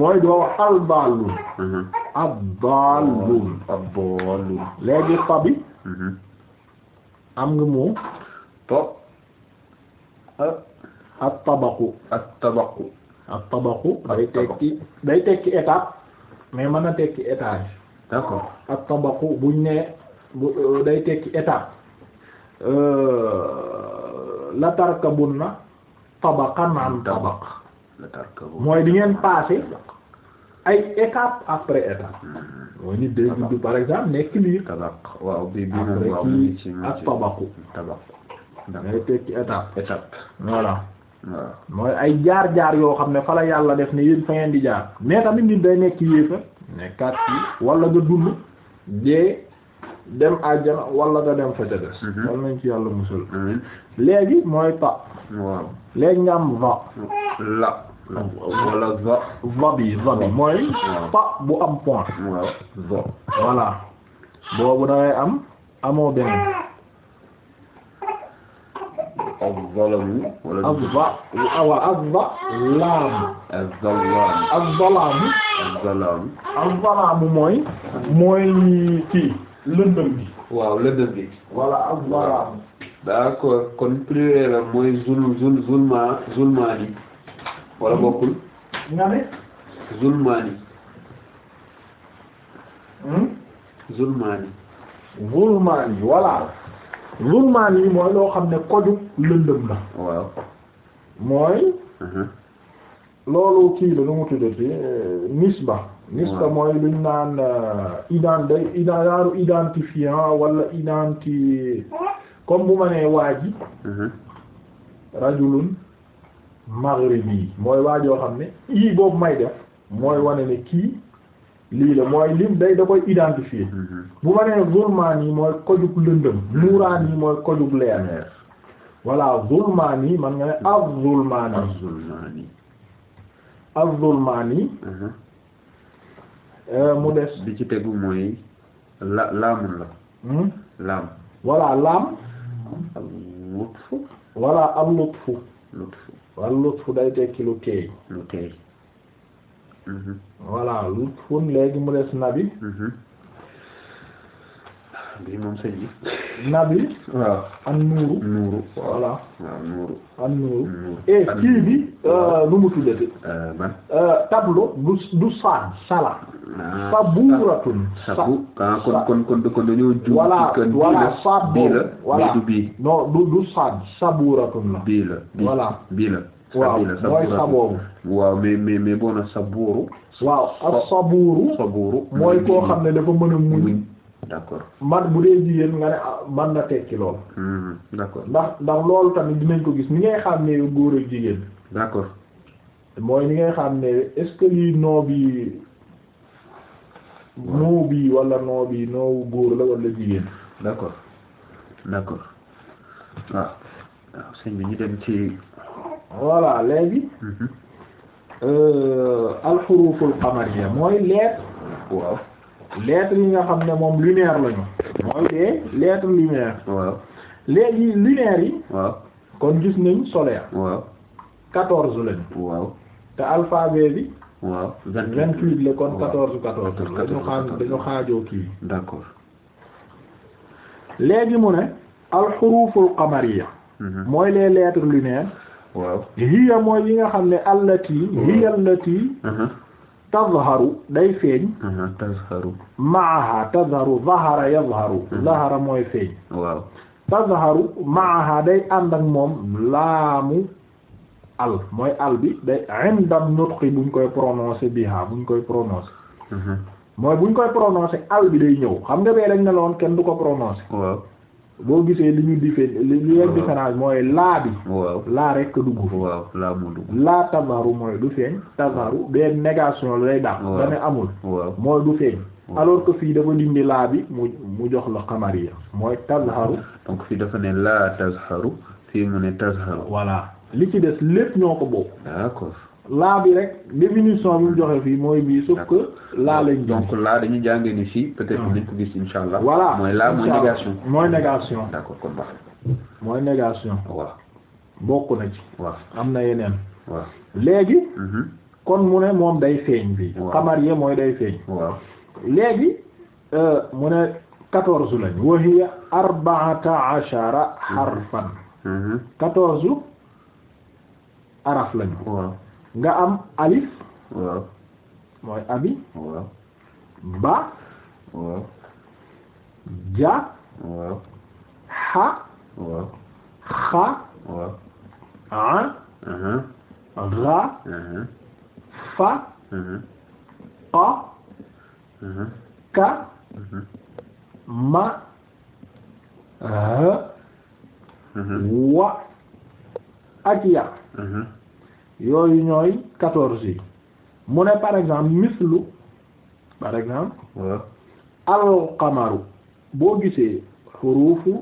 mooy doo al ballun mhm. ab ballun ab fabi am nga moo to at-tabaqu at-tabaqu at-tabaqu day tekki day tekki étape mais mën na tekki étage d'accord at-tabaqu buñ ne euh, day tekki étape euh, la tarkabunna tabaqan an tabaq la tarkabunna mooy di ngeen passer ay étape après étape mm-hmm. mooy nit day dudd par exemple nekk lii tabaq waaw bi bi waaw ci ak tabaqu da hmm. ngay tekki étape étape voilà waaw mooy ay jaar-jaar yoo xam ne fa la yàlla def ne fa ngeen di jaar mais tamit nit day nekk yéefa nekkaat ci wala nga dund dee dem àjjana wala nga dem fa des mhm. ci yàlla musul léegi mooy pa waaw léegi nga am va la wala va va bi va bi mooy pa bu am point waaw voilà boobu da am amoo benn az-zalamu wala azza azza laam. az-zalaam az-zalaam. az-zalaam. az-zalaam mooy. mooy bi. wala az-zalaam. kon pluriel la mooy zul zul zulma zulmaani wala bokkul. nga ne. zulmaani. Hmm? zulmaani. zulmaani voilà. zulmaan yi mooy loo xam ne koju lëndëm la mooy uh-huh. loolu kii la nu mu tuddati eh, nisba nisba mooy luñ naan euh, ident day wala identi comme bu ma nee waa ji uh-huh. rajulun maghribi mooy waajoo xam ne ii boobu may def mooy wane ne kii lii la mooy lim day da koy identifier mm-hmm. bu ma nee zulmaan yi mooy kojug lëndëm nuuraan yi mooy kojug leer voilà zulmaan yi man nga ne az-zulmaani az-zulmaani az mm-hmm. euh, mu des bi ci tegu mooy la laamun la hmm? laam voilà laam al-lutfu voilà al-lutfu lutfu lutfu lutfu al lutfu day tekki lu teey lu teey Mhm. voilà lutfun léegi mu des nabi mhm. nabi waaw an nuuru nuuru voilà waaw nuuru an nuuru et eh, kii bi euh, nu mu tuddati euh, ban euh, tableau du du sala ah, saburatun sabu ah, kon kon kon dañoo ju voilà voilà sab bi la voilà du bii non du du saan saburatun la bii la bii la waaw mooy sabooru waaw mais mais mais bon a sabooru waaw ak sabooru sabooru mooy koo xam ne dafa mën a muñ d'accord man bu dee jigéen nga ne ah, man na tekki lool hmm, d'accord ndax ndax loolu tamit dinañ ko gis ni ngay xam ne góor ak jigéen d'accord mooy ni ngay xam ne est-ce que lii noo bi noo bi wala noo bi noowu góor la wala jigéen d'accord d'accord waaw ah, waaw sëñ bi ñu dem ci voilà léegi mhm. euh, alxuruful qamariya mooy lettre waaw lettre yi nga xam ne moom lunaire lañu mooy dee lettre lunaire waaw léegi lunaire yi waaw kon gis niñ solaire waaw quatorze lañu waaw te alphabet bi waaw vingt-huit la kon quatorze quatorze dañu xaajoo kii d'accord léegi mu ne alxuruful qamariya mhm. mooy les lettres lunaires waaw hiya mooy yi nga xam ne allati hiya allati uh-huh. tazharu day feeñ uh-huh, tazharu maaha tazharu zahara yazharu uh-huh. zahara mooy feeñ waaw tazharu maaha day ànd ak moom laamu al mooy al bi day indam nutqi buñ koy prononcer biha buñ koy prononcer mooy buñ koy prononcer al bi day ñëw xam nga bee dañ ne kenn du ko prononcer boo gisee li ñu diffé li ñu leen différence mooy laa bi. waaw laa rekk dugg. waaw laa moo dugg. laa tabaru mooy du feeñ. tabaru benn négation lay daax. waaw amul. waaw mooy du feeñ. alors que fii dafa dindi laa bi mu mu jox la xamariya mooy tazharu. donc fii dafa ne laa tazharu fii mu ne tazharu. voilà li ci des lépp ñoo ko bokk. d'accord. laa bi rek définition bi mu joxe fii mooy bii sauf laa lañ jox. donc laa dañuy jàng ni fii peut-être dañ ah. ko gis insha allah. voilà mooy laa mooy négation. mooy négation d'accord kon mooy négation. bokk na ci. waaw am na yeneen. waaw léegi. Mhm. kon mu ne moom day feeñ fii. waaw mooy day feeñ. waaw léegi euh, mu ne quatorze lañ. wa hiya arba'ata ashara mhm. harfan. Mhm. quatorze araf lañu. nga am alif. waaw mooy abi. waaw ba. waaw ja. waaw xa. waaw xa. waaw a. Uh-huh. ra. Uh-huh. fa. Uh-huh. a. ka. ma. ha. wa. ak ya. yooyu ñooy quatorze yi mu ne par exemple mislu par exemple alqamaru boo gisee xuruufu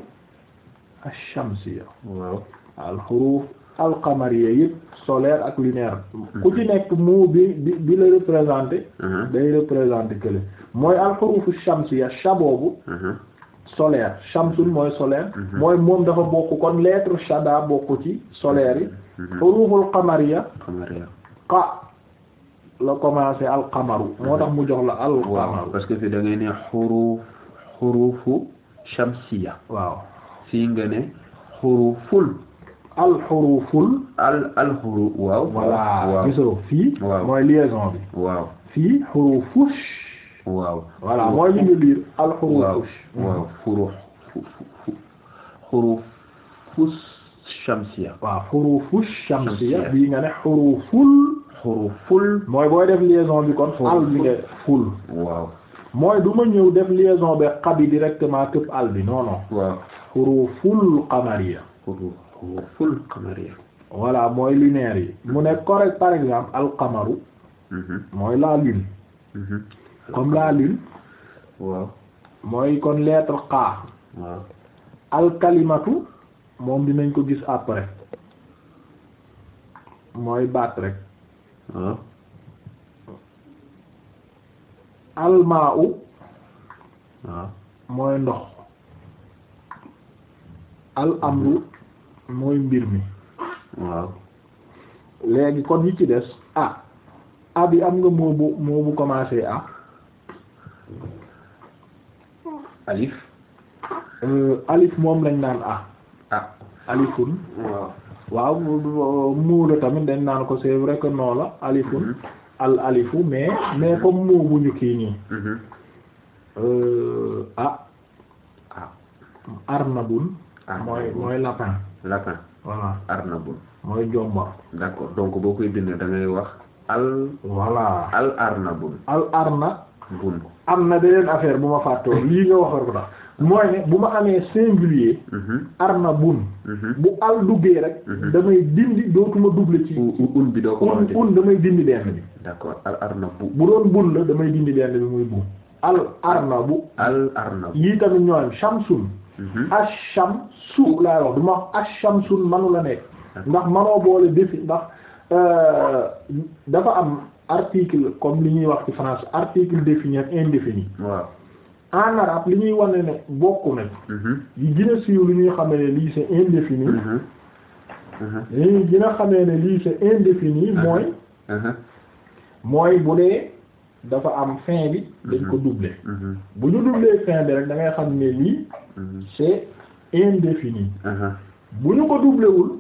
ash-shamsiyya al xuruuf alqamariya yëpp solaire ak lunaire ku ci mhm. nekk moo bi bi bi la représenté mhm. day représenté kële mooy al xuruufu shamsiyya sha boobu mhm. solaire shamsun mooy solaire mhm. mooy moom dafa bokk kon lettre shada bokk ci solaire yi mhm. mhm. huruful la commencé al moo tax mu jox la al qamaru parce que fi da ngay ne huruf hurufu shamsiya waaw fii nga ne huruful al huruful waaw voilà gisoo waaw voilà mooy li ñu liir alxuruf waaw furuf xuruf fus shamsiya waaw xurufu shamsiya bii nga ne xuruful xuruful mooy booy def liaison bi kon al ful mooy du ma ñëw def liaison be xabi directement këpp al bi non non waaw mooy linéaire yi mu ne correct par exemple al mhm. mooy la lune mhm. comme la lune waaw mooy kon lettre xaa waaw alkalimatu moom dinañ ko gis après mooy baat rek waaw almaa u waaw mooy ndox al amru mooy mbir mi waaw léegi kon ñi ci des ah abi am nga moo bu moo bu commencé ah alif euh, alif moom lañ daan ah ah alifun waaw muu tamit dañ naan ko c'est vrai que non la alifun mm-hmm. al alifu mais mais comme muu bu ñu kii nii ah ah arnabun mooy mooy lapin lapin voilà arnabun mooy jomba d'accord donc boo koy bind da wax al voilà al arnabun al arnabun am na beneen affaire bu ma fàttoo mhm. lii nga wax ko tax mooy ne bu ma amee singulier mhm. arna bun mhm. bu al duggee rek damay dindi dootuma double ci un un damay dindi benn bi d'accord al arna bu bu doon bun la damay dindi benn bi muy bu al arna bu al arna bu yii tamit ñoo shamsun ash-shamsu laa wax du ma shamsun manu la nekk ndax manoo boole defi ndax euh, dafa am article comme li ñuy wax ci France article défini ak indéfini. waaw en arabe li ñuy wane ne bokku na. Mhm. yi gën a siiw li ñuy xamee ne lii c'est indéfini. Mhm. Mhm. li ñuy gën a xamee ne lii c'est indéfini mooy. mooy bu dee dafa am fin bi. dañ ko doubler. bu ñu doubler fin bi rek da ngay xam ne lii. c'est indéfini. bu ñu ko dublewul wul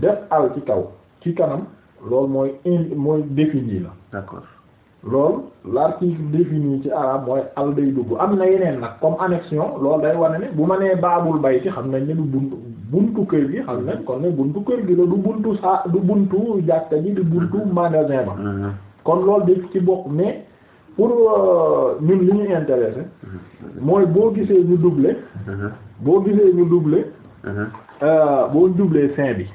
def al ci kaw ci kanam. lool mooy in mooy défini la. d'accord loolu l'article défini ci arabe mooy al day dugg am na yeneen nag comme annexion lool day wane ne bu ma nee baabul bayti xam nañ ne du buntu buntu kër gi xam nañ kon ne buntu kër gi la du buntu saa du buntu jàkka ji du buntu magasin ba. Mm-hmm. kon loolu daf ci bokk mais pour euh, ñun li mm-hmm. mooy boo gisee ñu doublé. Mm-hmm. boo gisee ñu doublé. Euh, boo doublé fin bi.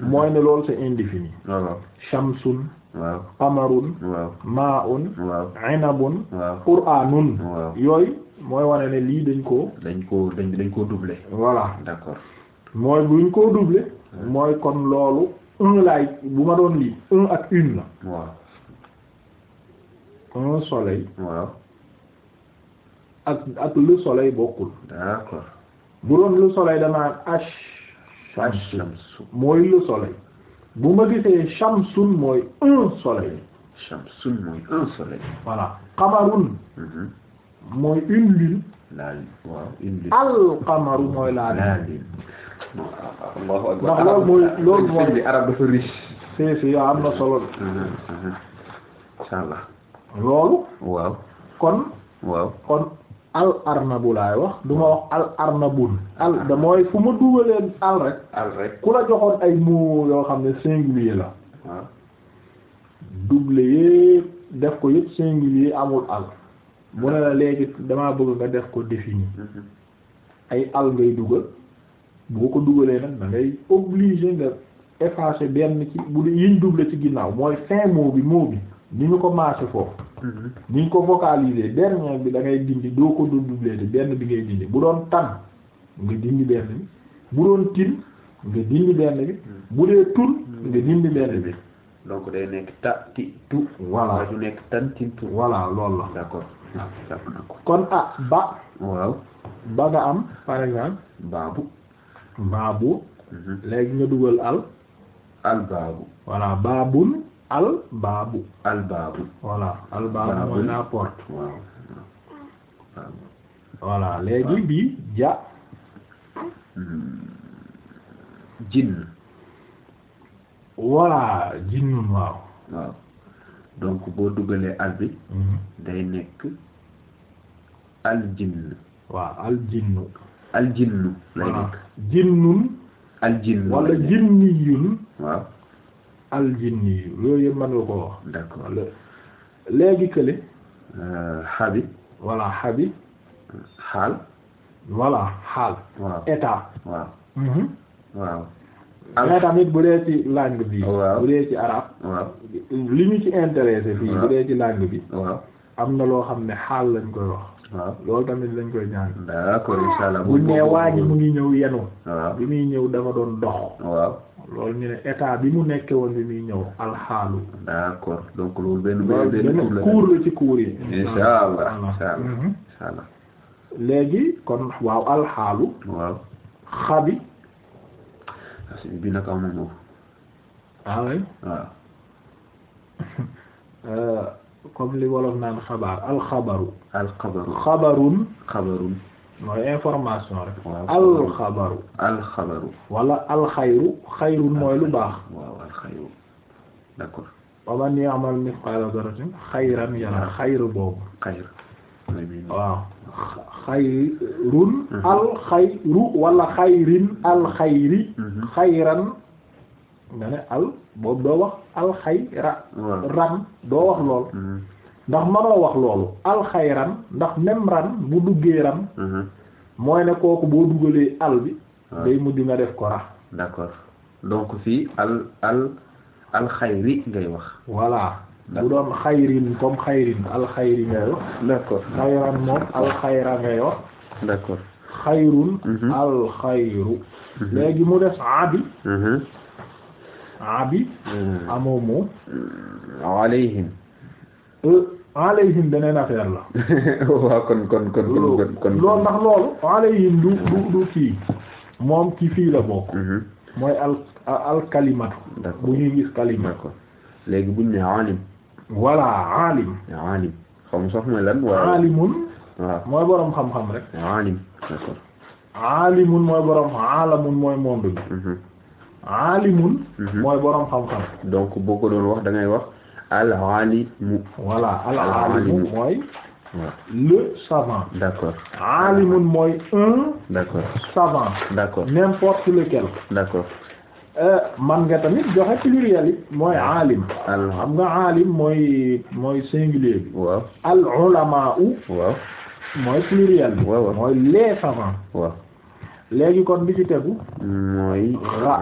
mooy ne loolu c'est indéfini waaw shamsun waaw qamarun waaw ma'un waaw inabun waaw qur'anun yooyu mooy wane ne lii dañ koo dañ ko dañ ko koo doublé voilà d'accord mooy buñ koo doublé mooy kon loolu un laay bu ma doon lii un ak une la un soleil ak ak le soleil bokkul d'accord bu doon le soleil danaan h ash-shams mooy le soleil bu ma gisee shamsun mooy un soleil shamsun mooy un soleil voilà qamarun mooy une lune la lune waaw une lune al-qamaru mooy la lune Allahu akbar ndax loolu mooy loolu mooy bi arab dafa riche si si yow am na solo inshallah loolu waaw kon waaw kon al arnabu laay wax du ma wax al arnabun al da fu ma dugaleen al rek al rek ku la joxoon ay mots yoo xam ne singulier la waaw ah. double yépp def ko yépp singulier amul al mu ne la léegi damaa bëgg nga def ko défini mm-hmm. ay al ngay dugal boo ko dugalee nag da ngay nga effacer benn ci bu yiñ double ci ginnaaw mooy fin mot bi mot bi ni ñu ko maase foofu mhm. ni ñu ko vocaliser dernier bi da ngay dindi doo ko dodoubler benn bi ngay dindi bu doon tan nga dindi benn bi bu doon tin nga dindi benn bi mhm. bu dee tul mhm. nga nekk ta ti tu voilà du nekk tan tin tu voilà loolu la ah. d'accord kon ah ba waaw ba nga am par exemple baabu baabu léegi nga dugal al al baabu voilà baabun al baabu al baabu voilà al baabu mooy la porte voilà léegi bi ja hmm. jinn voilà jinnun waaw waaw boo duggalee al bi hmm. day nekk al jinn waaw al jinnu al jinnu lay nekk jinnun al jinn wala jinniyun waaw aljinni yu loolu yëpp mën nga koo wax léegi kële xabi euh, voilà xabi xaal voilà xaal état waaw mhm. mais tamit bu dee ci langue bi bu dee ci arabe li ñu ci intéressé fii bu dee ci langue bi am na loo xam ne xaal lañ koy wax waaw loolu tamit lañ koy ñaan d'accord inshallah bu nee waa ji mu ngi ñëw yenu bi muy ñëw dafa doon dox loolu ñu ne état bi mu nekke woon bi muy ñëw alxaalu d'accord donc loolu benn benn cours la ci cours yi insha allah insha allah mhm. léegi kon waaw alxaalu xabi bi nag am na ñëw waaway waaw euh, comme li wolof naan xabaar alxabaru alxabaru xabarun xabarun mooy information alxabaru. alxabaru. wala alxayru. xayru mooy lu baax. waaw alxayru d'accord. wa xayran yara xayru boobu. xayru. waaw xayrun. Mhm. alxayru wala xayrin alxayri. Mhm. xayran. nga ne al boobu doo wax alxayra. ran doo wax lool. Mhm. ndax manoo wax loolu alxayran ndax même bu duggee ran mhm. mooy ne kooku boo dugalee al bi day mujj nga def ko ra d'accord donc fii al al alxayri ngay wax voilà bu doon xayrin comme xayrin alxayri ngay wax d'accord xayran moom alxayra ngay wax d'accord xayrun mhm. alxayru mhm. léegi mu def abi abi amoo moom alayhim Euh, alayhim beneen affaire la. waaw kon kon kon kon kon. loolu ndax loolu. alayhim du du du kii moom ci fii la bokk. Mhm. mooy al al kalimatu. bu ñuy gis kalima. léegi bu ñu nee alim. voilà alim. alim xam sax mooy lan. alimun. mooy borom xam-xam rek. alim alimun mooy borom mhm. mhm. xam-xam. donc boo ko doon wax da ngay wax. al-alimu. voilà al-alimu mooy. le savant. d'accord alimun mooy un. d'accord savant. d'accord n'importe lequel. d'accord. Euh, man nga tamit joxe pluriel it mooy alim xam nga alim mooy mooy singulier bi waaw al ulama u waaw mooy pluriel bi waaw mooy les savants waaw léegi kon bi ci tegu mooy ra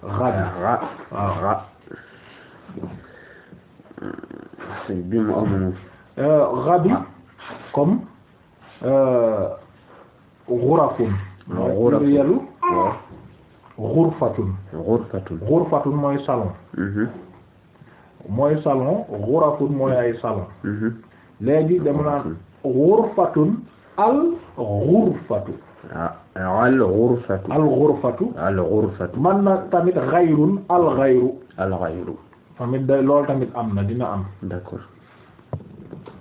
ra ra ra bi mu am gabi euh, comme xurafun euh, ah, plurielu xurfatun xurfatun xurfatun mooy salon mm-hmm. mooy salon xurafun mooy ay salon mm-hmm. léegi dama naan xurfatun al xurfatu ah, al xurfatu al xurfatu man na tamit xayrun al xayru tamit day loolu tamit am na dina am. d'accord.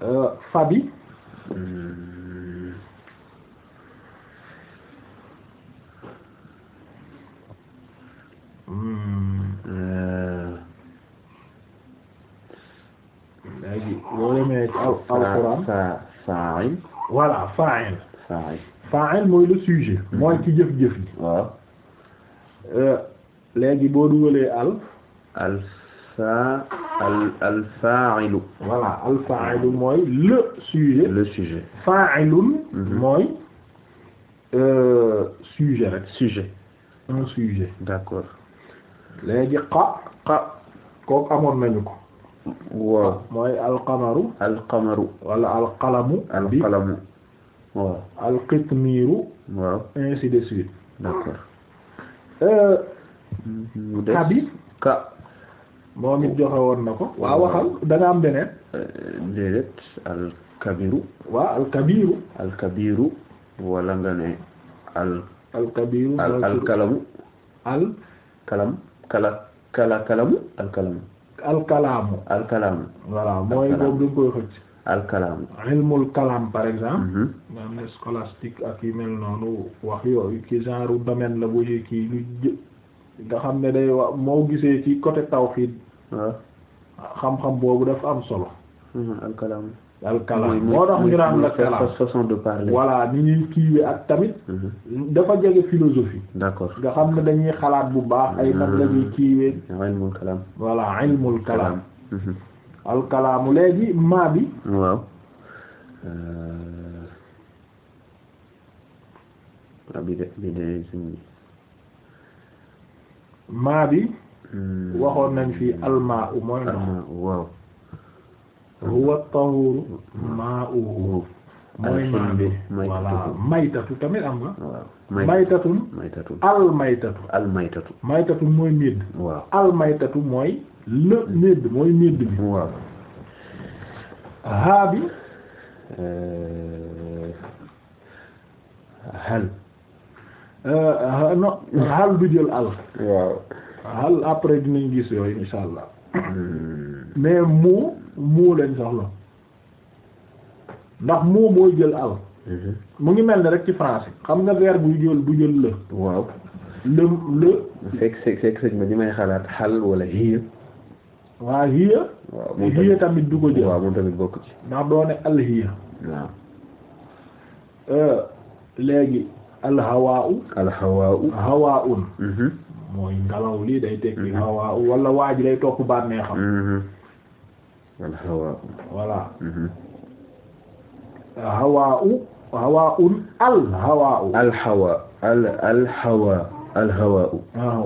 Euh, fabi. Hmm. Euh. léegi boo demee ci al alxuraan. fa fa'il. voilà fa'il. mooy le sujet. Hmm. mooy ci jëf-jëf yi. waaw. Euh, léegi boo dugalee al. alfa al al fa'ilu. voilà al mooy le sujet. le sujet fa'ilun. Mhm. mooy euh, sujet rek. sujet un sujet. d'accord léegi qa. qa kooku amoon nañu ko. waaw mooy alqamaru. alqamaru. wala alqalamu. alqalamu waaw. alqitmiru. waaw ainsi de suite. d'accord. Euh, ka bi ka. moo it joxe woon na ko waaw waxal da nga am beneen euh, déedéet al kabiru waaw al nga ne al al kabiru al kalamu mooy boobu du koy xëcc al kalam par exemple mhm. nga am ne scolastique ak yu mel noonu wax yooyu ci genre domaine la bu kii lu jë nga xam ne day wax moo gisee ci côté tawhid xam-xam boobu dafa am solo. alkalam. alkalam moo tax ñu la kalam façon voilà ni ñuy kiiwee ak tamit. dafa jege philosophie. d'accord nga xam ne dañuy xalaat bu baax. ay nan la ñuy kiiwee. ilmul kalam. voilà ilmul maa bi. waaw. Euh, ah, maa bi. Hmm. waxoon nañ fi almaa u mooy ndox waaw huwa tahuru maa u mooy maa bi voilà maytatu tamit am nga maytatun al maytatu al maytatu maytatu mooy médd waaw al maytatu mooy le médd mooy médd bi waaw haa bi eh, hal eh, no hal du jël al waaw hal après dinañ gis yooyu insha allah mais moo moo lañ soxla ndax moo mooy jël al mhm. mu ngi mel ni rek ci français xam nga verbe buy jël bu jël la waaw le le fekk fekk fekk sëñ ma ñu may xalaat xal wala hiya waa hiya hiya tamit du ko jël waaw moom tamit bokk ci ndax doone al hiya euh, léegi al hawaa al hawaa u mooy ngelaw lii day tekki mm-hmm. hawa wala waa ji day topp bànneexam mm-hmm. voilà mm-hmm. hawa u hawa un al hawa u al hawa al al hawa al hawa u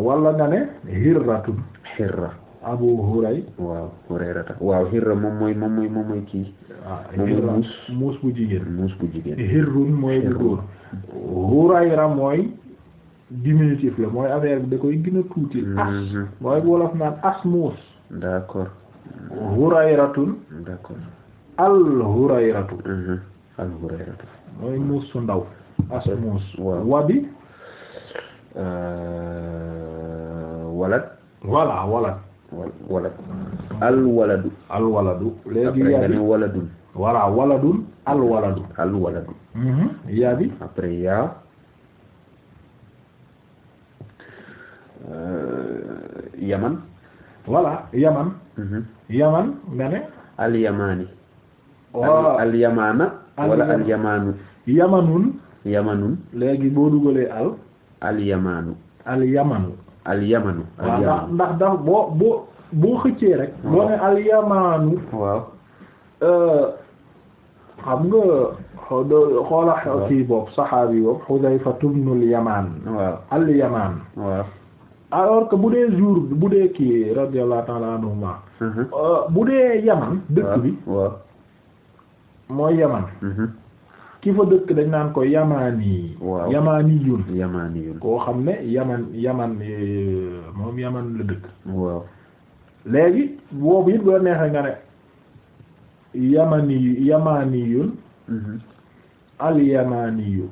wala nga ne hirratun hirra abu huray waaw hurayrata waaw hirra moom mooy moom mooy moom mooy kii ah, moom mooy muus muus bu jigéen muus bu jigéen hirrun mooy bu góor hurayra mooy diminutif la mooy affaire bi da koy gën tuuti as mhm. mooy wolof naan as muus d'accord hurayratun d'accord al hurayratu mhm. mooy muus su ndaw as muus wabi euh, walad walad walad al waladu al waladu léegi yabi waladun voilà al waladu al waladu mhm. yabi après yaa Euh, yaman voilà yaman mhm. yaman nga ne al yamani waaw al yamana wala al yamanu yamanun yamanun léegi boo dugalee al al yamanu al yamanu al yamanu waaw ndax ndax dax boo boo boo xëccee rek boo ne al yamanu waaw euh, xam nga xoola kii boobu saxaabi boobu Xudayfa ibnul Yamaan waaw al yaman waaw alors que bu dee jour bu dee kii radiyallahu ta'ala anhuma mhm. euh, bu dee yaman dëkk bi mooy yaman mhm. ki fa dëkk dañ naan ko yamaani waaw yamaani yun yamaani yun koo xam ne yaman yaman euh, moom yaman la dëkk waaw léegi boobu it boo neexee nga ne yamani yun mhm. al yamaani yu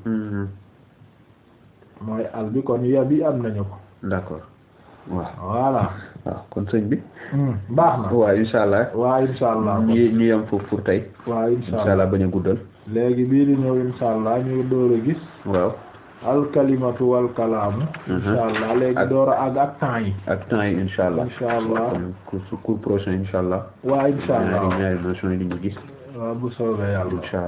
mooy al bi kon ya bi am nañu ko d'accord waaw voilà waaw kon sëñ bi. Hmm, baax na waa incha allah. waaw incha allah ñu ñu yem foofu pour tey. waaw bañ a guddal. léegi bii di ñëw incha ñu door a gis. waaw. alkalimatu walkalaamu. Hmm. incha léegi door ak temps yi. ak temps yi incha allah. incha allah kon cours prochain incha allah. waaw incha ñu gis. waaw bu soobee yàlla incha